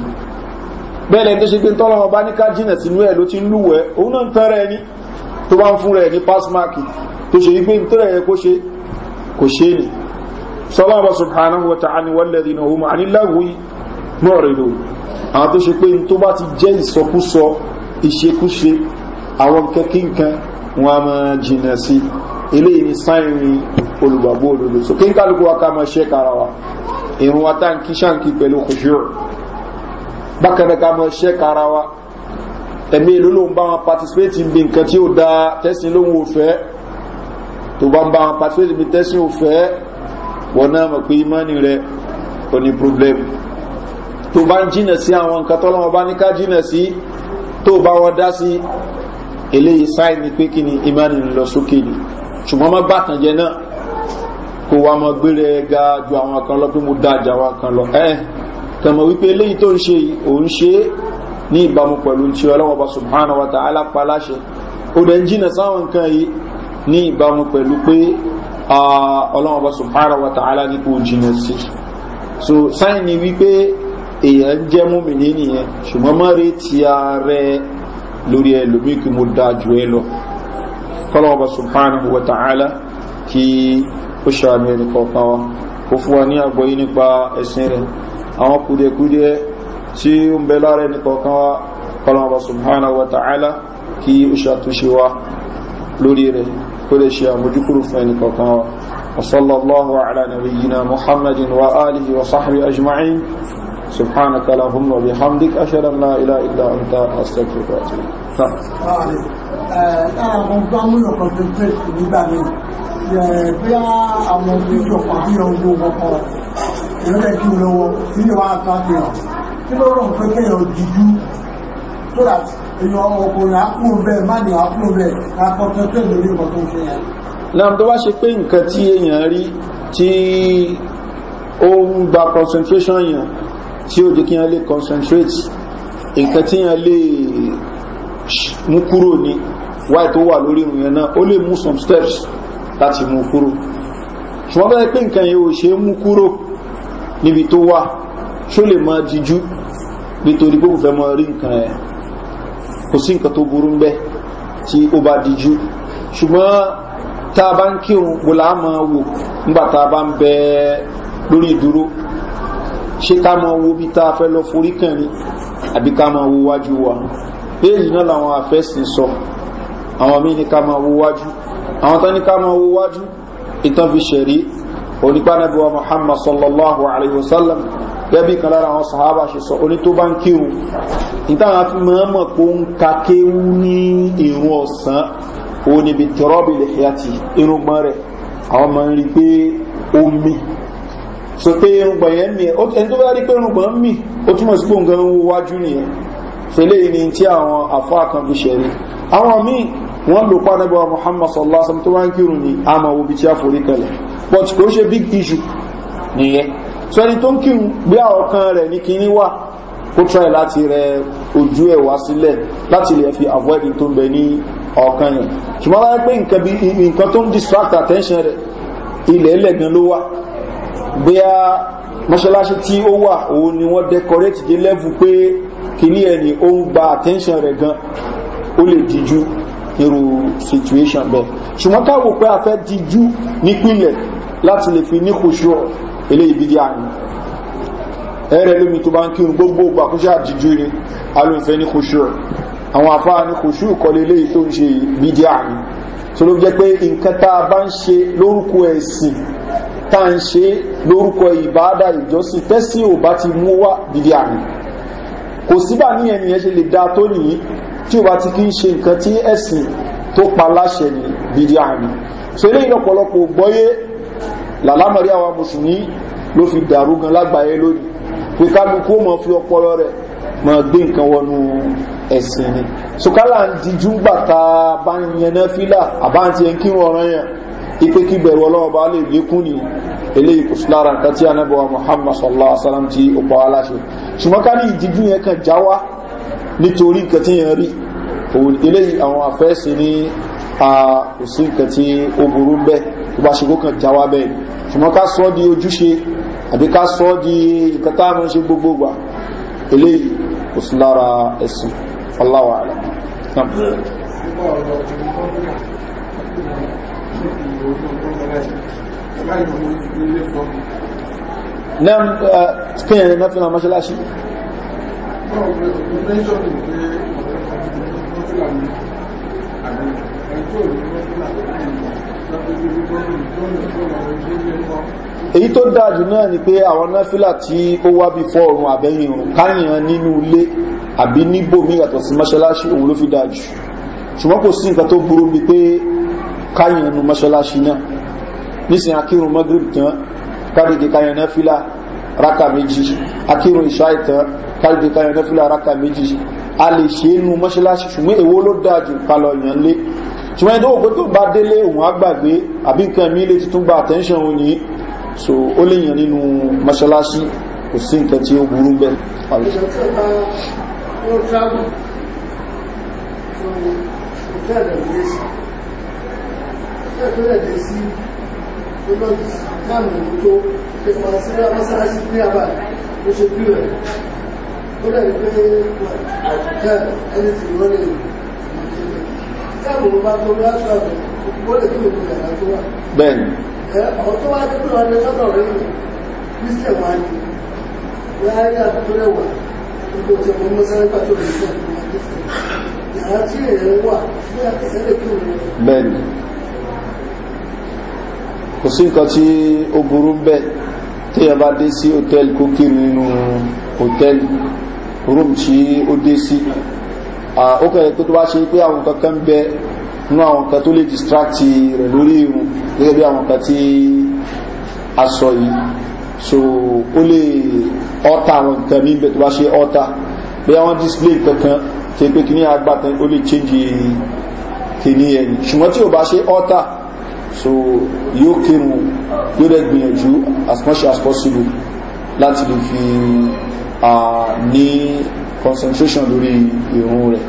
bẹ́ẹ̀lẹ̀ tó ṣe pé tọ́lọ́wọ́ bá ní ká jìnà sínú ẹ̀ ló ti ń lúwẹ̀ẹ́ òun náà ń tan rẹ̀ ni tó bá ń fún rẹ̀ ní pásmáàkì tó ṣe wípé tó rẹ̀ kó ṣe kò ṣe ni sọlọ́wọ́ subhanahu wa ta'ani wàlẹ́dínà òun àníláwìí mọ́ọ̀rẹ́dò àwọn tó ṣe pé tó bá ti jẹ́ ìsọkúsọ ìṣekúṣe àwọn kẹkínkan wọn a máa jìnà sí eléyìí ni sáìrin olùgbàgbó òdòdó so kí n kálukú wa ká máa ṣe kára wa ìrún wa n kí ṣáǹkì pẹ̀lú kòṣùrù bákan máa ṣe kára wa ẹ̀mí ìlú ló ń bá wọn participate bí nǹkan tí ó da tẹ́sìn ló ń wò fẹ́ tó bá ń bá wọn participate bí tẹ́sìn ò fẹ́ wọn náà mọ̀ pé ìmánì rẹ̀ kò ní problem tó bá ń jìnà sí àwọn nǹkan tọ́lọ́wọ́ bá ní ká jìnà sí tó bá wọn dá sí eléyìí sáì ni pé kí ni imani ń lọ sókè ni ṣùgbọ́n má bàtàn jẹ náà kó wa mọ gbére ga ju àwọn kan lọ pé mo dá àjà wa kan lọ ẹ kàmọ wípé eléyìí tó ń ṣe yìí òun ṣe é ní ìbámu pẹ̀lú tí ọlọ́wọ́ bá subhana wa ta'ala pa láṣẹ ó dẹ̀ ń jìnà sáwọn nǹkan yìí ní ìbámu pẹ̀lú pé ọlọ́wọ́ bá subhana wa ta'ala ní kò jìnà sí so sáì ni wípé èèyàn jẹ́ múmìnì nìyẹn ṣùgbọ́n má rí ti ààrẹ lórí ẹlòmíkì mo dáa jù ẹ lọ kọ́lọ́ọ̀bà subhanahu wa ta'ala kí ó ṣàmì ẹni kọ̀ọ̀kan wa kò fún wa ní àgbọ́yí nípa ẹ̀sìn rẹ̀ àwọn kúdẹ̀kúdẹ̀ tí ó ń bẹ lára ẹni kọ̀ọ̀kan wa kọ́lọ́ọ̀bà subhanahu wa ta'ala kí ó ṣàtúnṣe wa lórí rẹ̀ kó lè ṣe àmójúkúrò fún ẹni kọ̀ọ̀kan wa وصلى الله على نبينا محمد وآله وصحبه أجمعين سبحانك اللهم وبحمدك أشهد أن لا إله إلا أنت أستغفرك وأتوب so that èyàn ọkùnrin àkùnrin bẹ́ẹ̀ má ní àkùnrin bẹ́ẹ̀ àkọ́kọ́ tó lórí ọkọ̀ tó ń ṣe yẹn náà tó wá ṣe pé nǹkan tí èyàn rí tí ó ń gba concentration yàn tí ó jẹ́ kí wọ́n lè concentrate nǹkan tí wọ́n lè mú kúrò ní wáyé tó wà lórí ìrùn yẹn náà ó lè mú some steps láti mú kúrò ṣùgbọ́n bẹ́ẹ̀ pé nǹkan yẹn ò ṣe mú kúrò níbi tó wà ṣó lè máa jíjú nítorí pé kò fẹ́ máa rí nǹkan ẹ̀ kò sí nǹkan tó burú ń bẹ́ tí ó bá díjú ṣùgbọ́n tá a bá ń kírun bó máa wò nígbà tá a bá ń bẹ lórí ìdúró ṣé ká mọ owó bí tá a fẹ́ lọ forí kàn ní àbí ká mọ owó wájú wa bẹ́ẹ̀lì náà làwọn àfẹ́sìn sọ àwọn míì ní ká mọ owó wájú àwọn tán ní ká mọ owó wájú ìtàn fi ṣẹ̀rí onípánàbíwa muhammad sallallahu alaihi wasallam gẹ́bí kan lára àwọn sahaba ṣe sọ oní tó bá ń kírun ìtàwọn afi mọ́mọ̀ kó ń ka kéwú ní irun ọ̀sán òun níbi tẹ́rọ́bì lè yàtì irun rẹ̀ àwọn máa ń rí pé omi so pé irùngbọ̀n yẹn mi ẹni tó bá rí pé irùngbọ̀n mi ó túnmọ̀ sí pé nǹkan ń wájú nìyẹn fẹ́lẹ́ yìí tí àwọn àfáà kan fi ṣẹ̀rí àwọn míì wọ́n lò pa muhammad sallallahu alaihi wasallam tó wá ń kírun ní àmà òbí tí a forí kalẹ̀ but kò ṣe big issue nìyẹn so ẹni tó ń kírun bí àwọn kan rẹ̀ ní kíní wà ó try láti rẹ ojú ẹ̀ wá sílẹ̀ láti lè fi avoid tó ń bẹ ní ọ̀kan yẹn ṣùgbọ́n láyé pé nǹkan tó ń distract attention rẹ̀ ilẹ̀ ẹlẹ́gan ló wà bóyá mọ́ṣáláṣí tí ó wà òun ni wọ́n decorate dé lẹ́fù pé kìíní ẹ̀ ni ó ń gba attention rẹ̀ gan ó lè dijú irú situation bẹ́ẹ̀ ṣùgbọ́n káwò pé a fẹ́ dijú nípìnlẹ̀ láti lè fi níkòṣù eléyìí bídí àná ẹ̀rẹ̀ lómi tó bá ń kírun gbogbo àkóṣà dijú ni alóòfẹ́ níkòṣù àwọn afáà níkòṣù kọ́lé eléyìí tó ń ṣe bídí àná tó ló jẹ́ pé nǹkan tá a bá ń ṣe lórúkọ ẹ̀sìn tá à ń ṣe lórúkọ ìbáadá ìjọsìn tẹ́sí ò bá ti mú wá dìde àmì kò síbà ní ẹnìyẹn ṣe lè da tó nìyí tí ò bá ti kí ń ṣe nǹkan tí ẹ̀sìn tó pa láṣẹ ní dìde àmì so eléyìí lọ́pọ̀lọpọ̀ gbọ́yé làlámọ̀rí àwa mùsùlùmí ló fi dàrú gan lágbàáyé lónìí pé kálukú ó mọ̀ fi ọpọlọ rẹ̀ mọ̀ gbé nǹkan wọnú ẹ̀sìn ni so ń dijú gbàtà bá ń yẹn náà fílà àbáǹtí ẹnkírun ọ̀ràn yẹn ipe kí bẹ̀rù ọlọ́wọ́ bá lè lékún ní eléyìí kò nǹkan tí a nẹ́bọ̀ muhammad sallallahu alaihi wasallam ti ó pa aláṣẹ ṣùgbọ́n ká ní ìdíjú yẹn kan já wá nítorí nǹkan tí a kò sí nǹkan tí ó burú bẹ́ẹ̀ tó bá ṣe kó kan já wá bẹ́ẹ̀ ṣùgbọ́n ká sọ́ di ojúṣe àbí náà kíyàn ní mẹ́fìnà mọ́ṣáláṣí èyí tó dájú náà ni pé àwọn náfílà tí ó wá bí fọ́ ọ̀run àbẹ́yìn ọ̀run káyàn nínú ilé àbí níbò mí yàtọ̀ sí mọ́ṣáláṣí òun ló fi dájú ṣùgbọ́n kò sí nǹkan tó burú bí pé káyìn nínú mọ́ṣáláṣí náà nísìn akírun magrib tán káríde káyìn náà fílà ráka méjì akírun ìṣáì tán káríde káyìn náà fílà ráka méjì a lè ṣe é nínú mọ́ṣáláṣí ṣùgbọ́n èwo ló dáa jù kalọ̀ yàn lé ṣùgbọ́n ẹni tó wò pé tó bá délé òun á gbàgbé àbí Thank you tó lẹ̀dẹ̀ sí tó lọ́dí láàmù tó ṣe pa sí mọ́sálásí ní àbá tó ṣe bí rẹ̀ tó lẹ̀dẹ̀ pé àjẹ́ ẹni tí wọ́n lè sáàmù bá tó bá tó àbẹ̀ ó lè kí òkú yàrá tó wà. bẹ́ẹ̀ni. ẹ ọ tó wá dé kúrò ọdẹ sọ́dọ̀ rẹ̀ yìí kristian wá ní láyé àtúntò wà gbogbo tí ọmọ mọ́sálásí pàtó rẹ̀ sí àtúntò yàrá tí èèyàn wà ní àtẹ̀sẹ́lẹ̀ kí òun. bẹ́ẹ̀ni kò sí nǹkan tí ó burú ń bẹ́ téèyàn bá dé sí hòtẹ́ẹ̀lì kó kírun nínú hòtẹ́ẹ̀lì rúm tí ó dé sí ó kẹ̀lẹ̀ tó tó bá ṣe pé àwọn kankan ń bẹ nú àwọn kan tó lè distract rẹ̀ lórí irun gẹ́gẹ́ bí àwọn kan tí a sọ yìí so ó lè ọ́ta àwọn nǹkan ní ibẹ̀ tó bá ṣe ọ́ta bí àwọn display kankan tí pé kí ní agbátan ó lè change kìíní ẹni ṣùgbọ́n tí ò bá ṣe ọ́ta so yóò kírun yóò dẹ̀ gbìyànjú as much as possible láti lè fi ní concentration lórí ìrún rẹ̀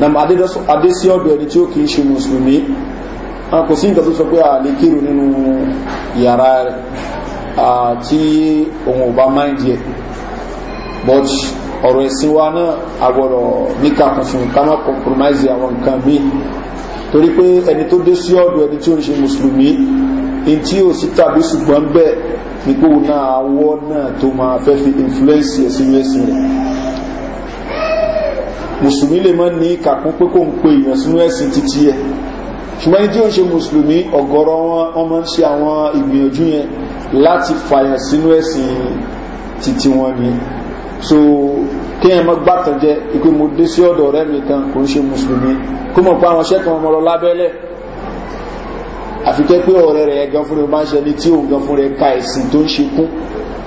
nam adésí ọ̀dọ̀ ẹni tí ó kìí ṣe mùsùlùmí kò sí nǹkan tó sọ pé a lè kírun nínú yàrá rẹ̀ tí òun ò bá mind yẹ but ọ̀rọ̀ ẹ̀sìn wa náà agbọ̀rọ̀ níkà tuntun ká má compromise àwọn nǹkan míì torí pé ẹni tó dé sí ọ̀dọ̀ ẹni tí ó ń ṣe mùsùlùmí in tí ó sì tàbí ṣùgbọ́n bẹ́ẹ̀ nípò náà awọ́ náà tó máa fẹ́ fi influence ẹ̀sìn ẹ̀sìn rẹ̀ mùsùlùmí lè mọ́ ní kàkún pé kò ń pe èèyàn sínú ẹ̀sìn títí ẹ̀ ṣùgbọ́n ẹni tí ó ń ṣe mùsùlùmí ọ̀gọ̀rọ̀ wọn ọmọ ń ṣe àwọn ìgbìyànjú yẹn láti fàyàn sínú ẹ̀sìn títí wọn ni so kí ẹ̀mọ́ gbàtàn jẹ ìpé mo dé sí ọ̀dọ̀ rẹ̀ mi kan kò ń ṣe mùsùlùmí kó mọ̀ pa àwọn ṣẹ́kan ọmọ lọ lábẹ́lẹ̀ àfikẹ́ pé ọ̀rẹ́ rẹ̀ gan fún rẹ̀ máa ń ṣe ní tí òun gan fún rẹ̀ ka ẹ̀sìn tó ń ṣe kún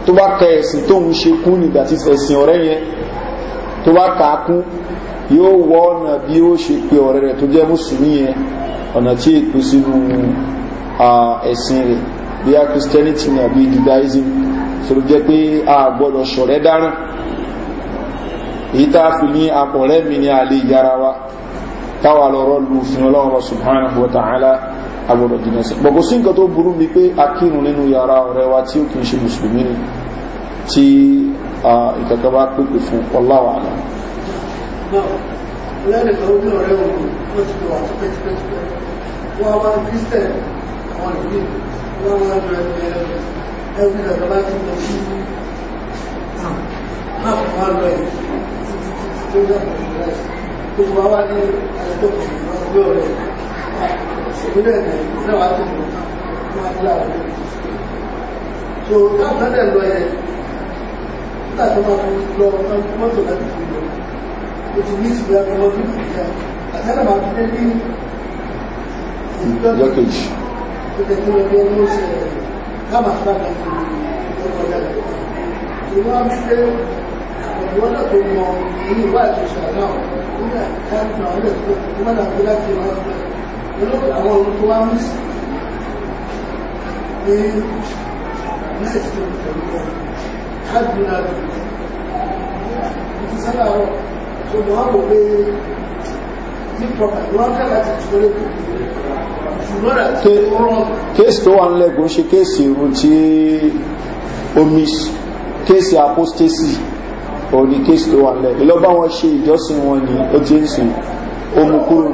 tó bá ka ẹ̀sìn tó ń ṣe kún nígbà tí ẹ̀sìn ọ̀rẹ́ yẹn tó bá ka kún yóò wọ ọ̀nà bí ó ṣe pé ọ̀rẹ́ rẹ̀ tó jẹ́ mùsùlùmí yẹn ọ̀nà tí ètò sínú ẹ̀sìn rẹ̀ bí i christianity àbí judaism sọ̀rọ̀ jẹ́ pé a gbọ́dọ̀ ṣọ̀rẹ́ dáràn èyí tá a fi ní akọ̀rẹ́ mi ní alẹ́ ìyára wa táwa lọ́rọ́ lu fún ọlọ́run wa subhanahu wa ta'ala agbọ̀dọ̀ jìnà sí gbogbo sí nǹkan tó burú mi pé akírun nínú yàrá ọ̀rẹ́ wa tí ó kìí ṣe mùsùlùmí ni tí ìkẹ̀kẹ́ bá pèpè fún ọláwà àlà Every day, the light in children of Christ tó wá wá ní àdókò ìgbọ́ rẹ̀ ìṣèlúlẹ̀ náà wà tó mọ̀ fún adúláwọ̀ so táwọn ọ̀dẹ̀ lọ yẹ nígbà tó máa fi lọ mọ́tò láti fi lọ o ti ní ìṣúra ọmọ bí fi jẹ àtàlà máa fi dé ní ìjọba tó tẹ̀ tó lọ bí ẹni ó ṣe káàmà fún àgbà fún ìjọba ìjọba ìjọba ìwọ́n náà tó mọ èyí ìwà ìṣẹ̀ṣẹ̀ náà nígbà káàkiri àwọn ilẹ̀ wà ń lẹ́gùn ṣe kéèsì irun tí omi kéèsì apostasy òun ni kéèsì tó wà lẹ̀ lọ́bá wọn ṣe ìjọsìn wọn ni ó ti ń sìn ó mú kúrò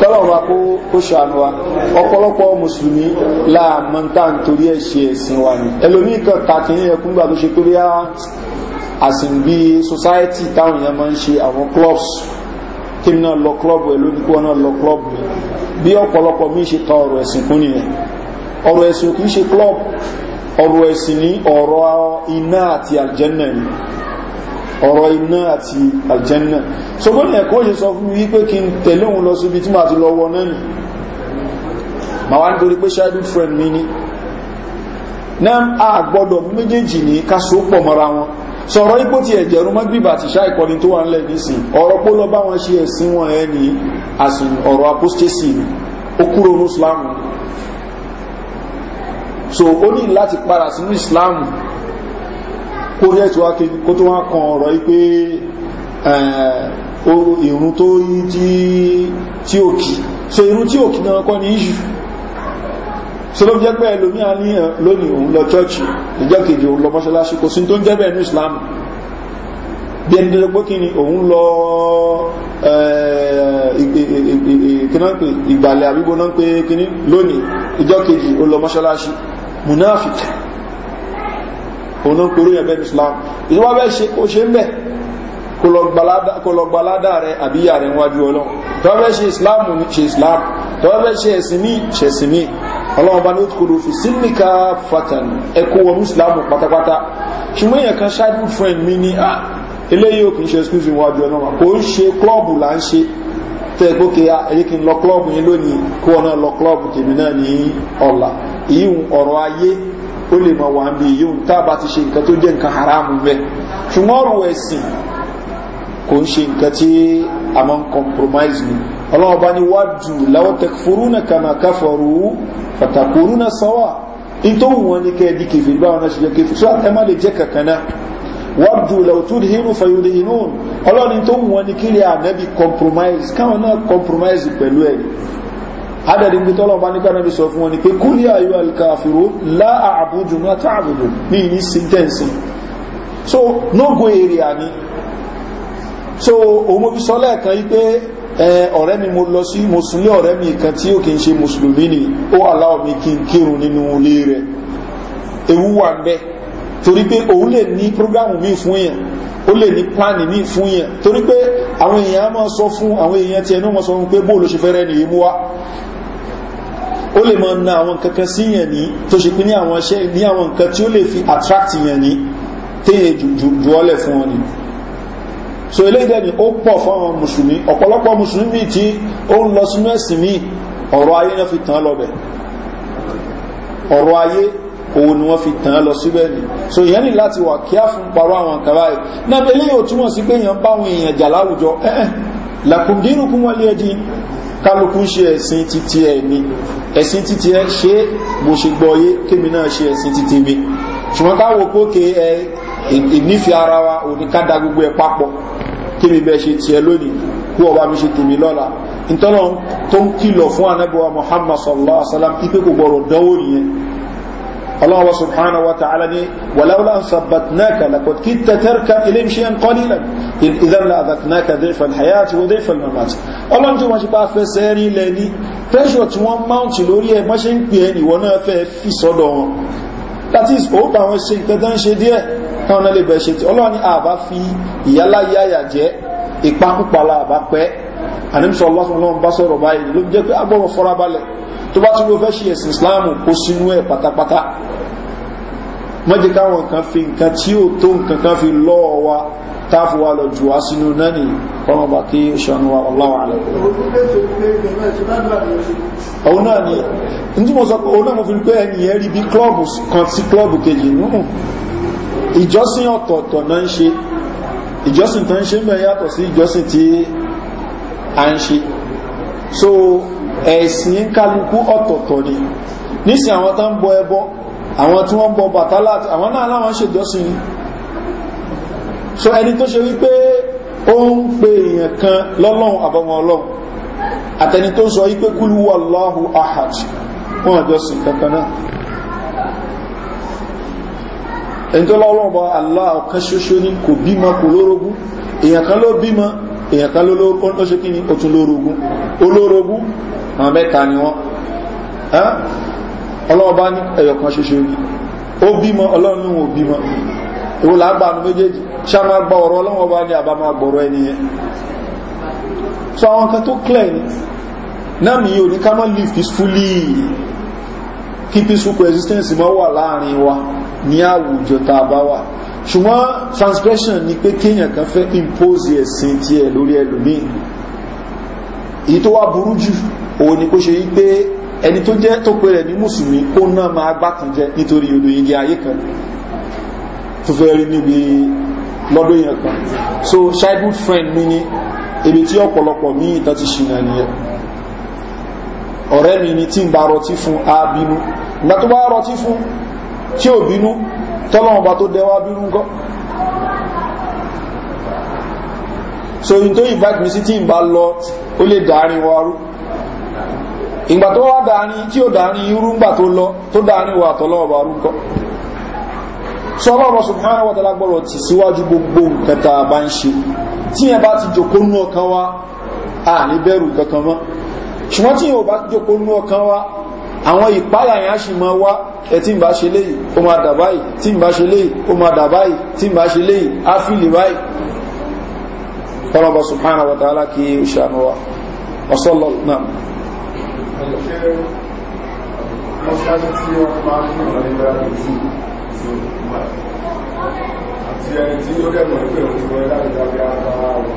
tọ́lọ̀wà kó ṣàánú wa ọ̀pọ̀lọpọ̀ mùsùlùmí láàmọ́ntà ń torí ẹ̀ṣẹ̀ ẹ̀sìn wa ni ẹlòmí kan kàkiri ẹkùn gbà tó ṣe pé bí i àsìn bí society táwọn èèyàn máa ń ṣe àwọn clubs kíni náà club, klọ́bù ẹ̀ lónìí kí wọ́n náà lọ klọ́bù ẹ̀ bí ọ̀pọ̀lọpọ̀ mi ṣe ta ọ̀rọ̀ ẹ̀sìn kún nìyẹn ọ̀rọ̀ ẹ̀sìn kì í ṣe klọ́bù ọ̀rọ̀ ẹ̀sìn ní ọ̀rọ̀ iná àti àlìjẹ́nà ni ọ̀rọ̀ iná àti àlìjẹ́nà so gómìnà ẹ̀kọ́ ṣe sọ fún mi wípé kí n tẹ̀lé òun lọ síbi tí màá ti lọ wọ náà nì màá wá nítorí pé childhood friend mi ni náà a gbọ́dọ̀ méjèèjì ní ká so pọ̀ mọ́ra wọn sọ̀rọ̀ ipò ti ẹ̀jẹ̀rún mọ́gbìbà ti ṣá ìkọlin tó wà ń lẹ̀ nísìn ọ̀rọ̀ pó lọ bá wọn ṣe ẹ̀sìn wọn ẹ̀ ní àsìn ọ̀rọ̀ apostasy ni ó kúrò ní islam so ó ní láti padà sínú islam kó rí ẹ̀tù wákè kó tó wá kan ọ̀rọ̀ ipé ìrún eh, tó yí tí òkì so ìrún tí òkì náà kọ́ ní issue so ló jẹ́ pé ẹlòmíà ní eh, lónìí òun lọ chọ́ọ̀chì ìjọ́ kejì òun lọ mọ́ṣáláṣí kò sí tó ń jẹ́ bẹ́ẹ̀ ní islam bí ẹni tó pé kí ni òun lọ eh, kínápè ìgbàlẹ̀ àbígbó náà pé kíní lónìí ìjọ́ kejì òun lọ mọ́ṣáláṣí munafik òun náà kúrò ní islam ìjọba bẹ́ẹ̀ ṣe kó ṣe ń bẹ́ẹ̀ kò lọ gbalada ṣe islam ṣe islam tọ́wọ́ bẹ́ẹ̀ ṣe ẹ̀sìn míì ṣe ẹ̀sìn míì ọlọ́ọ̀bá ní òtùkòrò fi sílíkà fatan ẹkọ wọn muslim pátápátá ṣùgbọ́n èèyàn kan ṣáájú friend mi ní à ah, eléyìí ò kì í ṣe excuse me wájú ọ̀nà kò ń ṣe klọ́ọ̀bù là ń ṣe tẹ́ gbókè ya èyí kì í lọ klọ́ọ̀bù yín lónìí kó ọ̀nà lọ klọ́ọ̀bù tèmi náà ní ọ̀la ìyíhun ọ̀rọ̀ ayé ó lè mọ̀ wà ń bí ìyíhun tá a bá ti ṣe nǹkan tó jẹ́ nǹkan haramu bẹ́ẹ̀ ṣùgbọ́n ọ̀rọ̀ ẹ̀sìn kò ń ṣe nǹkan tí a máa ń compromise ni ọlọ́wọ́ bá ní wájú láwọ́ tẹkfurúnà kàmà káfọ̀rú fàtàkùrúnà sọ́wà in tó wọ́n ní kẹ́ di kèfì bá wọn ṣe kèfì tó ẹ má lè jẹ́ kankaná wájú láwọ́ tó di hínú fayọ̀dé hínú ọlọ́ni tó wọ́n ní kí ànábì compromise káwọn náà compromise pẹ̀lú ẹ̀ adàdì gbé tọ́lọ́ bá nípa náà sọ fún wọn ni pé kú ní ayọ́ alkafiro láàbùdù náà tààbùdù ní so no go area ni so òun mo fi sọ lẹ́ẹ̀kan yí pé ọ̀rẹ́ mi mo lọ sí mùsùlùmí ọ̀rẹ́ mi kan tí ó kí n ṣe mùsùlùmí ni ó aláwọ̀ mi kí n kírun nínú ilé rẹ̀ ewu wà ń bẹ́ torí pé òun lè ní prógámù míì fún yẹn ó lè ní pláàni míì fún yẹn torí pé àwọn èèyàn máa sọ fún àwọn èèyàn tí ẹnu wọn sọ fún pé bó ló ṣe fẹ́rẹ́ nìyí mú wá ó lè máa na àwọn kankan sí yẹn ní tó ṣe pé ní àwọn iṣẹ́ ní àwọn nǹkan tí ó lè fi attract yẹn ní téèyàn jù ọ́lẹ̀ fún wọn nìyí so eléyìí dẹ́ni ó pọ̀ fáwọn mùsùlùmí ọ̀pọ̀lọpọ̀ mùsùlùmí míì tí ó ń lọ sínú ẹ̀sìn míì ọ̀rọ̀ ayé náà fi tàn lọ́bẹ̀ ọ̀rọ̀ ayé òun ni wọ́n fi tàn lọ síbẹ̀ ni so ìyẹn ní láti wà kí á fún parọ́ àwọn kàrá ẹ̀ náà eléyìí ò túmọ̀ sí pé èèyàn báwọn èèyàn jà láwùjọ ẹ̀ẹ́ làkùndínlùkún wọ́n lé ẹjí kálukú ṣe ẹ̀sìn títí ẹ̀ ni ẹ̀sìn títí ẹ ṣe bó ṣe gbọ́yé kémi náà ṣe ẹ̀sìn títí mi ṣùgbọ́n káwọ́ pókè ẹ̀ ìnífẹ́ ara wa òní ká da gbogbo ẹ̀ papọ̀ kí mi bẹ́ẹ̀ ṣe tiẹ̀ lónìí kú ọba mi ṣe tèmi lọ́la ìtọ́nà tó ń kìlọ̀ fún anábíwá muhammad sallallahu alaihi wasallam ipe kò gbọ́rọ̀ dánwò nìyẹn ọlọ́wọ́ subhanahu wa ta'ala ni wàláwọ́lá ń sàbàtnáka lakot kí tẹ́tẹ́rka ilé ṣe ń kọ́lílẹ̀ ìdánlá àbàtnáka dẹ́fẹ̀ hayati wo dẹ́fẹ̀ mamati ọlọ́n tí wọ́n ṣe bá fẹ́ sẹ́rí ilẹ̀ ní pẹ́ṣọ̀ tí wọ́n máùntì lórí ẹ̀ mọ́ṣẹ́ ń pè é nìwọ̀n náà fẹ́ fi sọ́dọ̀ wọn that is ó bá wọn ṣe nǹkan tán ṣe díẹ̀ káwọn náà lè bẹ̀rẹ̀ ṣe tí ọlọ́run ní àbá fi ìyáláyé àyà jẹ́ ìpakúpalà àbá pẹ́ ànímsọ ọlọ́sùn ọlọ́run bá sọ̀rọ̀ báyìí ló jẹ́ pé agbọ́rọ̀ fọ́rabalẹ̀ tó bá tún ló fẹ́ ṣe ẹ̀sìn islam kó sínú ẹ̀ pátápátá mọ́jẹ́ káwọn kan fi nǹkan tí ó tó nǹkan kan fi lọ́ọ̀ wa táàfù wa lọ jù wá sínú náà ni ọmọ bá kí ṣànú wa ọláwà alẹ́ òun náà ni ní mo sọ pé òun náà mo fi pé ẹni yẹn rí bí klọ́ọ̀bù kan sí klọ́ọ̀bù kejì nínú hmm ìjọsìn ọ̀tọ̀ọ̀tọ̀ náà ń ṣe ìjọsìn tó ń ṣe mẹ́ yàtọ̀ sí ìjọsìn tí a ń ṣe so ẹ̀sìn kálukú ọ̀tọ̀ọ̀tọ̀ ni nísìn àwọn tán bọ ẹbọ àwọn tí wọ́n bọ bàtálà àwọn náà láwọn ṣe ìjọsìn so ẹni tó ṣe wípé ó ń pe èèyàn kan lọ́lọ́run àbọmọ ọlọ́run àtẹni tó sọ wípé kúlúwọ́ lọ́hùn ahad wọn ìjọsìn kankan náà ẹni tó lọ́wọ́ Allah ọ̀kan ní kò bímọ kò lórogún èyàn kan ló bímọ èyàn kan ló ṣe kí ni o tún lórogún olórogún àwọn mẹ́ta ni wọ́n ọlọ́ọ̀bá ní ẹ̀yọ̀ ṣoṣo ní ó bímọ ọlọ́run ò bímọ èwo méjèèjì ọ̀rọ̀ ní peaceful coexistence mọ́ wà láàrin wa ní àwùjọ tá a bá wà ṣùgbọ́n transgression ni pé kéèyàn kan fẹ́ impose ẹ̀sìn tí ẹ lórí ẹlòmíì èyí tó wá burú jù òun ni kó ṣe yí pé ẹni tó jẹ́ tó pé rẹ̀ ní mùsùlùmí kó náà máa gbákan jẹ nítorí olóyìnbí ayé kan tó fẹ́ rí níbi lọ́dún yẹn kan so childhood friend mi ni ebi tí ọ̀pọ̀lọpọ̀ mí ìtàn ti ṣìnà nìyẹn ọ̀rẹ́ mi ni tí ń bá rọtí fún abínú ìgbà tó bá rọtí fún tí ò bínú tọ́lọ́wọ́n bá tó dẹwà bínú kọ́ so in tó invite me sí tí n bá lọ ó lè dáárín wa rú ìgbà tó wá dáárín tí ó dáárín irú ńgbà tó lọ tó dáárín wa tọ́lọ́wọ́n rú kọ́ so ọlọ́run subhanahu wa ta'ala gbọ́rọ̀ ti síwájú gbogbo nǹkan tá a bá ń ṣe tí yẹn bá ti jòkó nú ọkàn wa à ní bẹ̀rù kankan mọ́ ṣùgbọ́n tí yẹn bá ti jòkó nú ọkàn wa àwọn ìpáyà yẹn á sì mọ wá ẹ tí ń bá ṣe léyìí ó máa dà báyìí tí ń bá ṣe léyìí ó máa dà báyìí tí ń bá ṣe léyìí á fìlì báyìí ọlọ́bọ̀ subhanahu wa ta'ala kí ó ṣàánú wa ọ̀sọ́lọ̀ náà mọ́ṣáájú tí wọ́n máa ń fún ìrìnlẹ́ àti ẹni tí ó dẹ̀mọ̀ ìpẹ̀lú ìwọ̀n láti dábí ara wọn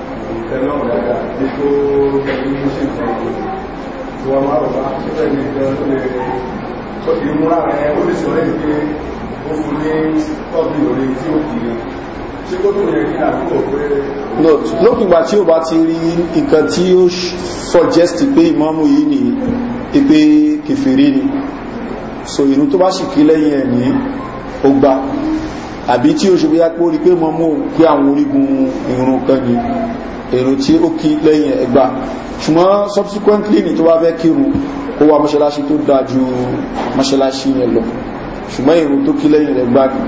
ìtẹ́lọ́rùn dáadáa tí kó kẹ́lú ní ṣe nǹkan tó wà máa rọ̀bá tó tó rẹ̀ ní tọ́bí lórí tí ó kì í ṣe kó tó ti rí suggest pé ìmọ́mù yìí ni ìpé kifiri ni so ìrún tó bá sì kí lẹ́yìn ẹ̀ ní ó gbá àbí tí ó ṣe bí á pé ó rí pé mọ́mù pé àwọn kan ni èrò tí ó kí lẹ́yìn ẹgbà ṣùgbọ́n subsequently ní tó wá fẹ́ kírun ó wá mọ́ṣáláṣí tó dáa ju mọ́ṣáláṣí yẹn lọ ṣùgbọ́n èrò tó kí lẹ́yìn ẹgbà ni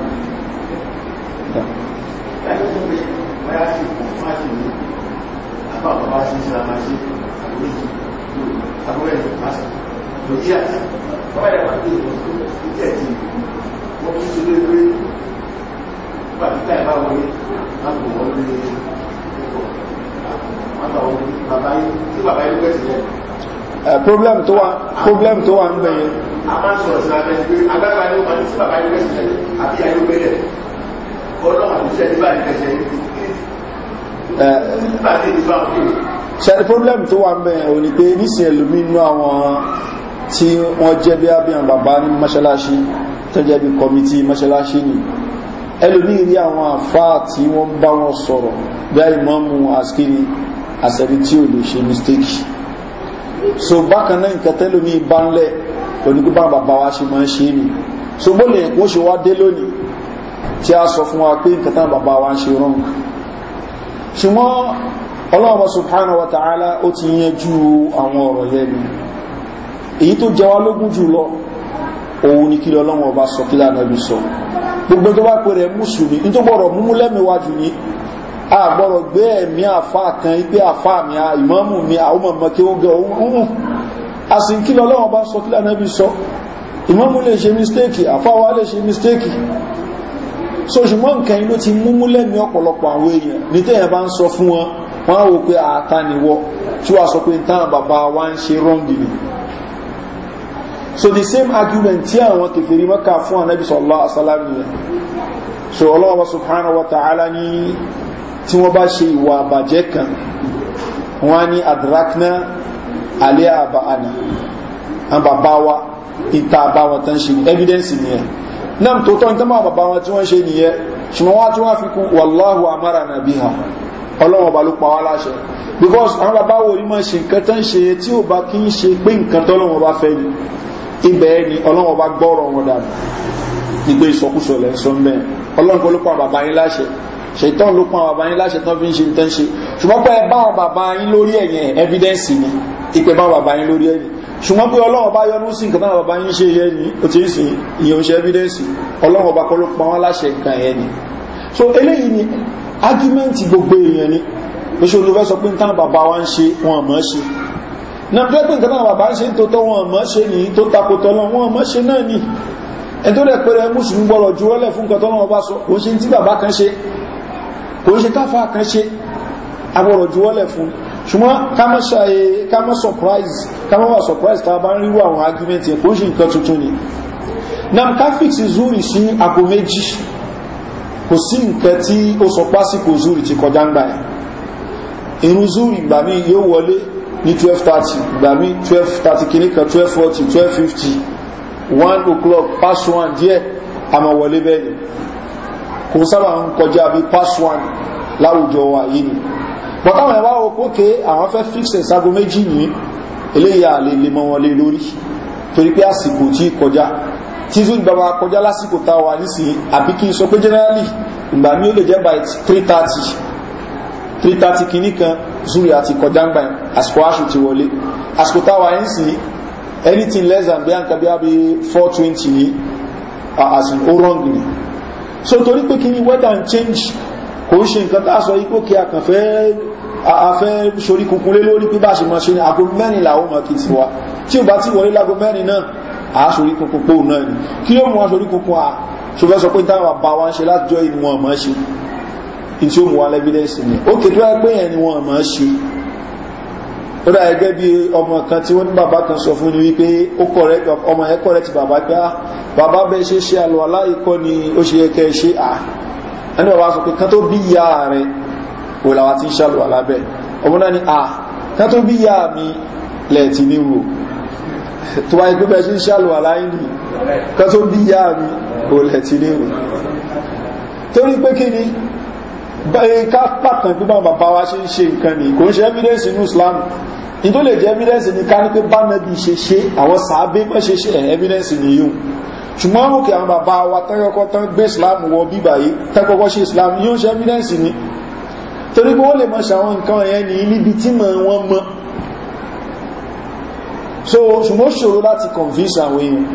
Ìgbà títà problem tó wà problem tó wà ń bẹ̀ yẹn a máa sọ̀rọ̀ sí abẹ́ pé agbára ni ó máa ní sí bàbá ilé ẹ̀sìn lẹ́yìn àbí ayé ó bẹ̀rẹ̀ ọlọ́run àti iṣẹ́ nígbà nígbà ẹ̀sìn nígbà tí ìdíbà ń kéwì. ṣẹ́ni problem tó wà ń bẹ̀ yẹn ò ní pé nísìnyẹ lómi inú àwọn tí wọ́n jẹ́ bí abiyan bàbá ní mọ́ṣáláṣí tó jẹ́ bí kọ́mítì mọ́ṣáláṣí ni ẹlòmí rí àwọn àfáà tí wọ́n bá wọn sọ̀rọ̀ bí i mọ́mú àskíní tí ò lè ṣe mistake so bákan náà nǹkan tẹ́lòmí bá ń lẹ̀ onígbà bàbá wa ṣe máa ń ṣe ni so bó lè kó ṣe wá dé lónìí tí a sọ fún wa pé nǹkan tán bàbá wa ń ṣe rán ṣùgbọ́n ọlọ́ọ̀bọ̀ subhanahu wa ta'ala ó ti yẹnjú àwọn ọ̀rọ̀ yẹn ni èyí tó jẹ wá lógún jù lọ òun ni kí lọ́wọ́ ọba sọ kí lánàá bí sọ gbogbo tó bá pèrè mùsùlùmí ní tó gbọ́rọ̀ múmú lẹ́mìíwájú ní àgbọ́rọ̀ gbé ẹ̀mí àfá kan ipé àfá mi a ìmọ́mù mi a ọmọ mọ́ kí ó gẹ ohun ohun a sì ń kí lọ lọ́wọ́ bá sọ kí lánàbí sọ ìmọ́mù lè ṣe mistéèkì àfá wa lè ṣe mistéèkì so nǹkan inú ti múmú lẹ́mí ọ̀pọ̀lọpọ̀ àwọn èèyàn ní tẹ́yẹ̀ bá ń sọ fún wọn wọ́n á wò pé àtàníwọ́ tí wàá sọ pé táwọn bàbá wa ń ṣe rọ́ǹgì nìyí so the same argument tí àwọn kèfèrí mọ́ka fún anábi sallallahu alaihi wasallam nìyẹn so ọlọ́wọ́ subhanahu wa ta'ala ní tí wọ́n bá ṣe ìwà àbàjẹ́ kan wọ́n ní adrakna alẹ́ àbà àná àbàbá wa ìta àbá tán ṣe evidence nìyẹn náà tó tọ́ ìtàn bàbá wọn tí wọ́n ṣe nìyẹn ṣùgbọ́n wọ́n tí wọ́n fi kún wàláhù àmàrà nàbí ha ọlọ́wọ́ bá ló pa wá láṣẹ because àwọn bàbá wo ni máa ṣe nǹkan tán ṣe tí ò bá kí ń ṣe pé nǹkan tọ́lọ́wọ́ bá fẹ́ ni ibẹ̀ ni ọlọ́wọ́ bá gbọ́rọ̀ wọn dànù nígbé ìsọkúsọ lẹ́ sọ mẹ́ ọlọ́run kọ́ ló pa bàbá yín láṣẹ ṣètọ́ ló pa bàbá yín láṣẹ tán fi ń ṣe tán ṣe ṣùgbọ́n pé ni ìpè bá wọn bàbá yín lórí ẹ̀yẹn ṣùgbọ́n pé ọlọ́run bá yọnú ni ó ti ń sìn ìyẹn oṣù evidence ọlọ́run ọba so eléyìí ni argument gbogbo èèyàn ni oṣù olùfẹ́ sọ pé ń tán bàbá wa ń ṣe wọn mọ̀ ṣe náà tó ẹgbẹ́ nǹkan náà bàbá ń ṣe tó tọ́ wọn àmọ́ ṣe ní tó takòtọ́ lọ wọn àmọ́ ṣe náà ní ẹni tó rẹ̀ pẹ̀rẹ̀ mùsùlùmí gbọ́rọ̀ ju ọlẹ̀ fún nǹkan bá sọ kò ń surprise ká mọ́ wà surprise tá a bá ń ríru àwọn zuri sí àpò méjì kò sí nǹkan tí ó sọ pásíkò yóò wọlé ní 12:30 ìgbà mí 12:30 kìíní kan 12:40 12:50 one o'clock past one, díẹ̀ àmọ̀ wọlé bẹ́ẹ̀ ni kò sábà ń kọjá bí past one, láwùjọ wà yìí ni bọ́táwọn ẹ̀wá okókè àwọn fẹ́ fix ẹ̀ságo méjì ní eléyà lè lè mọ́ wọn lé lórí torí pé àsìkò tí kọjá tí zú ìgbàmà kọjá lásìkò táwà nísìnyí àbí kí n sọ pé generally ìgbà mí ó lè jẹ́ by 3:30 three thirty kìíní kan zuri àti kọjá ń gbà yẹn àsìkò aṣù ti wọlé àsìkò táwa yẹn sì anything less than bẹ́ẹ̀ nǹkan bí i four twenty ni àsìn ó wrong ni so torí pé kìíní weather and change kò ń ṣe nǹkan tá a sọ yìí pé kí a kàn fẹ́ a fẹ́ sori kunkun lé lórí bí bá a ṣe máa ṣe ni aago mẹ́rin làwọn ọmọ kì í ti wá tí o bá ti wọlé láago mẹ́rin náà a sori kunkun pò náà ni kí ló mú wa sori kunkun a ṣùgbọ́n sọ pé táwọn bàbá wa ń ṣe láti jọ ìwọ̀n ọmọ ṣe in tí ó mú wa lẹ́bídẹ́sì ni ó kè tó wá pé yẹn ni wọ́n àmọ́ ṣe ó dá ẹgbẹ́ bí ọmọ kan tí wọ́n ní bàbá kan sọ fún ni wípé ọmọ ẹ̀ kọ̀rẹ́ ti bàbá pé á ah, bàbá bẹ́ẹ̀ ṣe ṣe àlọ́ aláìkọ́ ni ó ṣe yẹ kẹ́ ṣe à ah, ẹni bàbá sọ pé kán tó bí ìyá rẹ̀ wò làwọn ti ń ṣàlùwà lábẹ́ ọmọ náà ni a ah, kán tó bí ìyá mi lẹ́ẹ̀tì ní wò tó wáyé pípẹ́ sí ṣàlùwà láyé nì kán tó bí ìyá mi wò lẹ́ẹ̀tì ní wò torí pé kí ni Eh, ká pàtàn pípa bàbá wa ṣe ń ṣe nǹkan ní kò ń ṣe evidence inú islam ní tó lè jẹ́ evidence ní ká ní pé bá mẹ́bí ṣe ṣe àwọn sàábé mọ́ ṣe ṣe eh, evidence ní yóò ṣùgbọ́n òkè àwọn bàbá wa tẹ́kọ́kọ́ tán gbé islam wọ bíbà yìí tẹ́kọ́kọ́ ṣe islam yóò ṣe evidence ní torí pé ó lè mọ́ ṣe àwọn nǹkan ẹ̀yẹn ní níbi tí mọ̀ wọ́n mọ́ so ṣùgbọ́n ṣòro láti convince àwọn èèyàn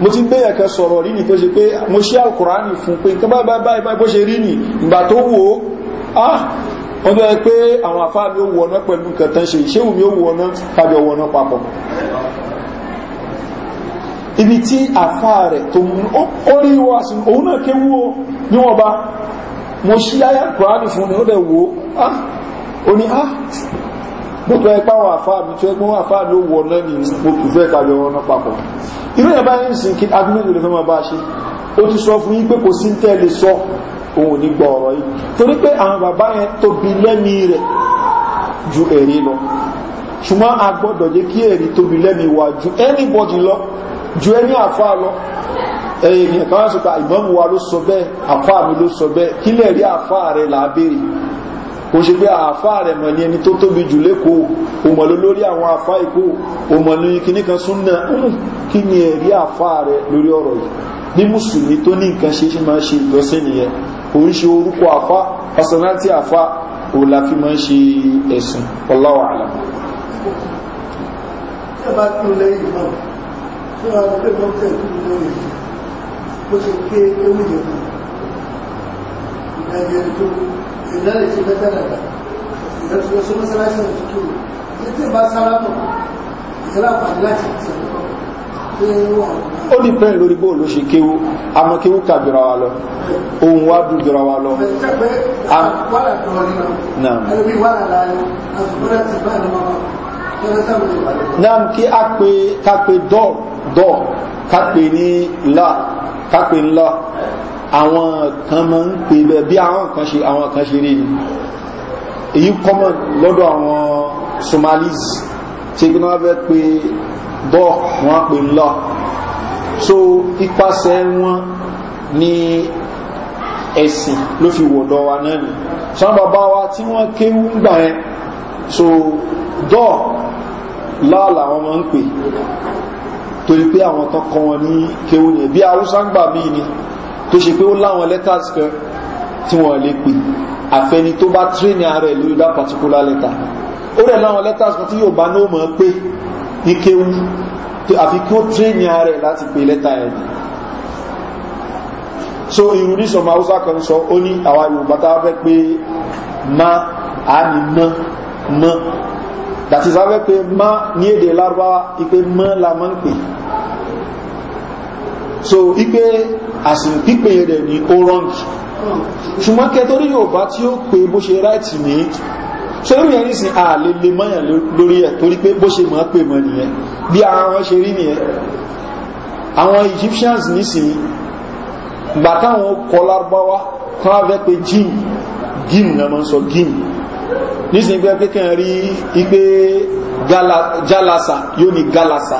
mo ti gbé ẹ̀kẹ́ sọ̀rọ̀ rí ní tó ṣe pé mo ṣe alkùránì fún pé nǹkan báyìí báyìí bó ṣe rí ní ìgbà tó wò ó ah wọ́n bẹ́ẹ̀ pé àwọn àfáà mi ó wọ̀ná pẹ̀lú nǹkan tán ṣe ìṣéwù mi ó tàbí papọ̀ ibi tí àfáà rẹ̀ tó mú ó rí mo si fún ó bó tó ẹpá wọn àfáà mi tó ẹgbọ́n àfáà mi ó wọ náà ní mo kì fẹ́ ká yọ ọ̀nà papọ̀ irú yẹn báyìí ń sìn kí agbẹ́jọ lè fẹ́ máa bá ṣe ó ti sọ fún yín pé kò sí tẹ́ lè sọ òun ní gbọ́ ọ̀rọ̀ yìí torí pé àwọn bàbá yẹn tóbi lẹ́mí rẹ̀ ju èrè lọ ṣùgbọ́n a gbọ́dọ̀ jẹ́ kí èrè tóbi lẹ́mí wa ju anybody lọ ju ẹni àfáà lọ ẹ̀yìn èèyàn kan sọ pé ìmọ̀mù wa ló sọ bẹ́ẹ̀ àfáà mi ló sọ bẹ́ẹ̀ kílẹ̀ rí àfáà rẹ̀ làá kò ṣe pé àáfà rẹ̀ mọ̀ ní ẹni tó tóbi jù lẹ́kọ̀ọ́ òmọ̀ ló lórí àwọn àáfà ikú òmọ̀ ní kíní kan súnà kí ni ẹ̀rí àáfà rẹ̀ lórí ọ̀rọ̀ yìí ní mùsùlùmí tó ní nǹkan ṣe ṣe máa ṣe ìjọsìn nìyẹn kò ń ṣe orúkọ àáfà personality àáfà òun la máa ṣe ẹ̀sìn ọláwà àlà. tí a bá tó bilal ce ta tana da wasu masalaci da suke yadda ba sara ìsẹ́lá àpàdé láti ó ní pẹ́ lórí bóò ló ṣe kéwú àmọ́ kéwú kà jọra wa lọ ohun wá dùn jọra wa lọ náà kí a pé ká pé dọ́ọ̀ dọ́ọ̀ ká pé ní lá ká pé ńlá àwọn kan mọ́ ń pè bẹ́ bí àwọn kan ṣe àwọn kan ṣe rí ni èyí kọ́mọ̀ lọ́dọ̀ àwọn somalis tí gbọ́n wá fẹ́ pé bọ́ wọ́n pè lọ so ipasẹ̀ wọn ni ẹ̀sìn ló fi wọ̀dọ̀ wa náà ni ṣán bàbá wa tí wọ́n kéwú ń gbà ẹ so dọ́ láàlà wọn máa ń pè torí pé àwọn tọkọ wọn ní kéwú ni bí haúsá ń gbà míì ni tó ṣe pé ó láwọn letters kan tí wọ́n lè pè àfẹni tó bá tírénì ara ẹ̀ lórí that particular letter ó rẹ̀ láwọn letters kan tí yóò bá náà mọ̀ pé ní kéwú àfi kí ó tírénì ara láti pè letter ẹ̀ so irun ní sọmọ haúsá kan sọ ó ní àwọn yorùbá tá fẹ́ pé ma a ní ná ná dàtí sáfẹ́ pé ma ní èdè lárúbáwá ipe mọ́ la máa ń pè so ipe àsìkò pípé rẹ̀ ní ó rọ́ǹkì ṣùgbọ́n kẹtorí yorùbá tí ó pé bó ṣe ráìtì ní so irú yẹn nísìn ààlè lè mọ́yàn lórí ẹ̀ torí pé bó ṣe mọ́ pé mọ́ nìyẹn bí ara wọn ṣe rí nìyẹn àwọn egyptians nísìn gbà táwọn kọ lárúbáwá kan á fẹ́ pé jim gim náà mọ́ sọ gim nísìn pé kékeré rí i jalasa yóò ní galasa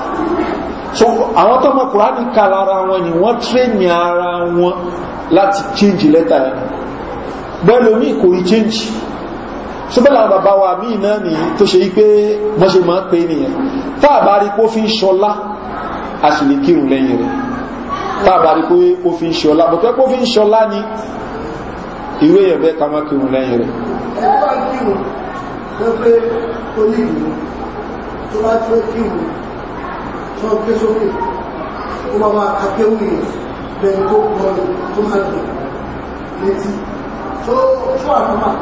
so àwọn tó mọ kùránì ká lára wọn ni wọ́n tírẹ̀nì ara wọn láti change lẹ́tà ẹ̀ bẹ́ẹ̀ lómi kò rí change ṣùgbọ́n àwọn bàbá wa míì náà ni tó ṣe wípé wọ́n máa ń pè nìyẹn tá a bá rí kó fi ń ṣọlá a sì lè kírun lẹ́yìn rẹ̀ tá a bá rí kó fi ń ṣọlá bọ̀tẹ́ kó fi ń ṣọlá ni ìwé yẹn bẹ́ẹ̀ ká má kírun lẹ́yìn rẹ̀. ẹ bá kírun pé pé orí ìlú tó bá tó kírun wọ́n gbé sókè ó máa máa ka kéwù yẹn bẹ́ẹ̀ tó muhammad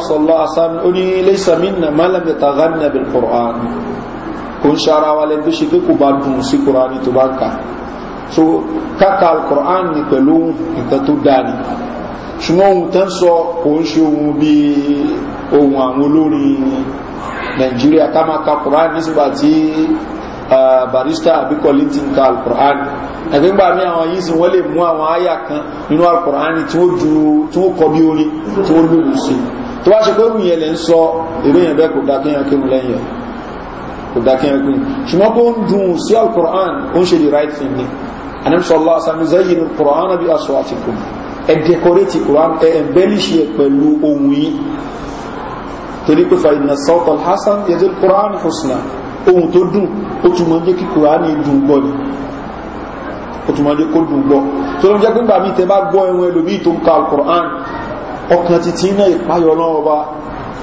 sallallahu alaihi wa sallam ó ní laysa minna man lam yataghanna bil qur'an kò ń ṣara qur'an tó bá so káka alkur'an ni pẹ̀lú nǹkan tó dáa ni ṣùgbọ́n ohun tẹ́ ohun àwọn olórin nàìjíríà ká máa ka quran nígbà tí barista abikọlin ti ń ka alukur'an ẹgbẹ́gbà mi àwọn yìí sì wọ́n lè mú àwọn àyà kan nínú alukur'an tí ó ju tí ó kọ bí orin tí ó lòlù sí tó bá ṣe pé òun yẹn lè ń sọ èrò yẹn bẹ́ẹ̀ kò dákẹ́yàn kírun lẹ́yìn ẹ̀ kò dákẹ́yàn kírun ṣùgbọ́n kó ń dùn sí alukur'an ó ń ṣe the right thing ni anamsọ́lá asamizayi ni alukur'an bí aṣọ àti kùn ẹ̀ decorate alukur'an ẹ̀ embellish yẹ pẹ̀lú ohun yìí torí pé fa ìnà sọ́tọ̀ hasan yẹtí kúránì husna ohun tó dùn ó túnmọ̀ jẹ́ kí kúránì dùn gbọ́ ni ó túnmọ̀ jẹ́ kó dùn gbọ́ tó ló ń jẹ́ pé gbà mí tẹ bá gbọ́ ẹ̀wọ̀n ẹlòmíì tó ń ka alukur'an ọkàn titi náà ìpayọ̀ náà ọba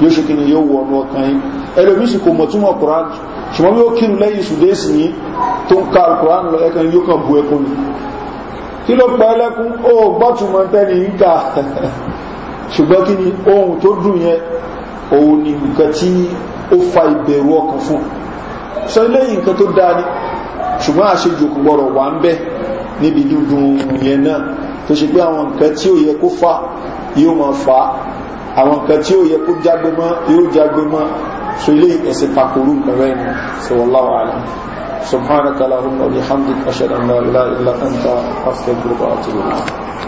yóò ṣe kí ni yóò wọ̀ ọkàn yìí ẹlòmíì sì kò mọ̀ túnmọ̀ kúránì ṣùgbọ́n bí ó kírù lẹ́yìn ìsùdésì yìí tó ń ka alkùnrán lọ ẹkàn yóò kàn bú ẹkùn ní kí ló pẹ́ lẹ́kùn ó gbọ́tùmọ̀ tẹ́ni ń ka ṣùgbọ́n kí ni ohun tó dùn yẹn òun ni nǹkan tí ó fa ìbẹ̀rù ọkàn fún sọ ilé nǹkan tó dáa ni ṣùgbọ́n àṣejù kò gbọ́rọ̀ wà ń bẹ́ níbi dúdùn yẹn náà tó ṣe pé àwọn nǹkan tí ó yẹ kó fa yóò máa fa àwọn nǹkan tí ó yẹ kó jágbe mọ́ yóò jágbe mọ́ sọ ilé ẹ̀sìn pàkórú nǹkan rẹ̀ ni سبحانك اللهم وبحمدك اشهد ان لا اله الا انت استغفرك واتوب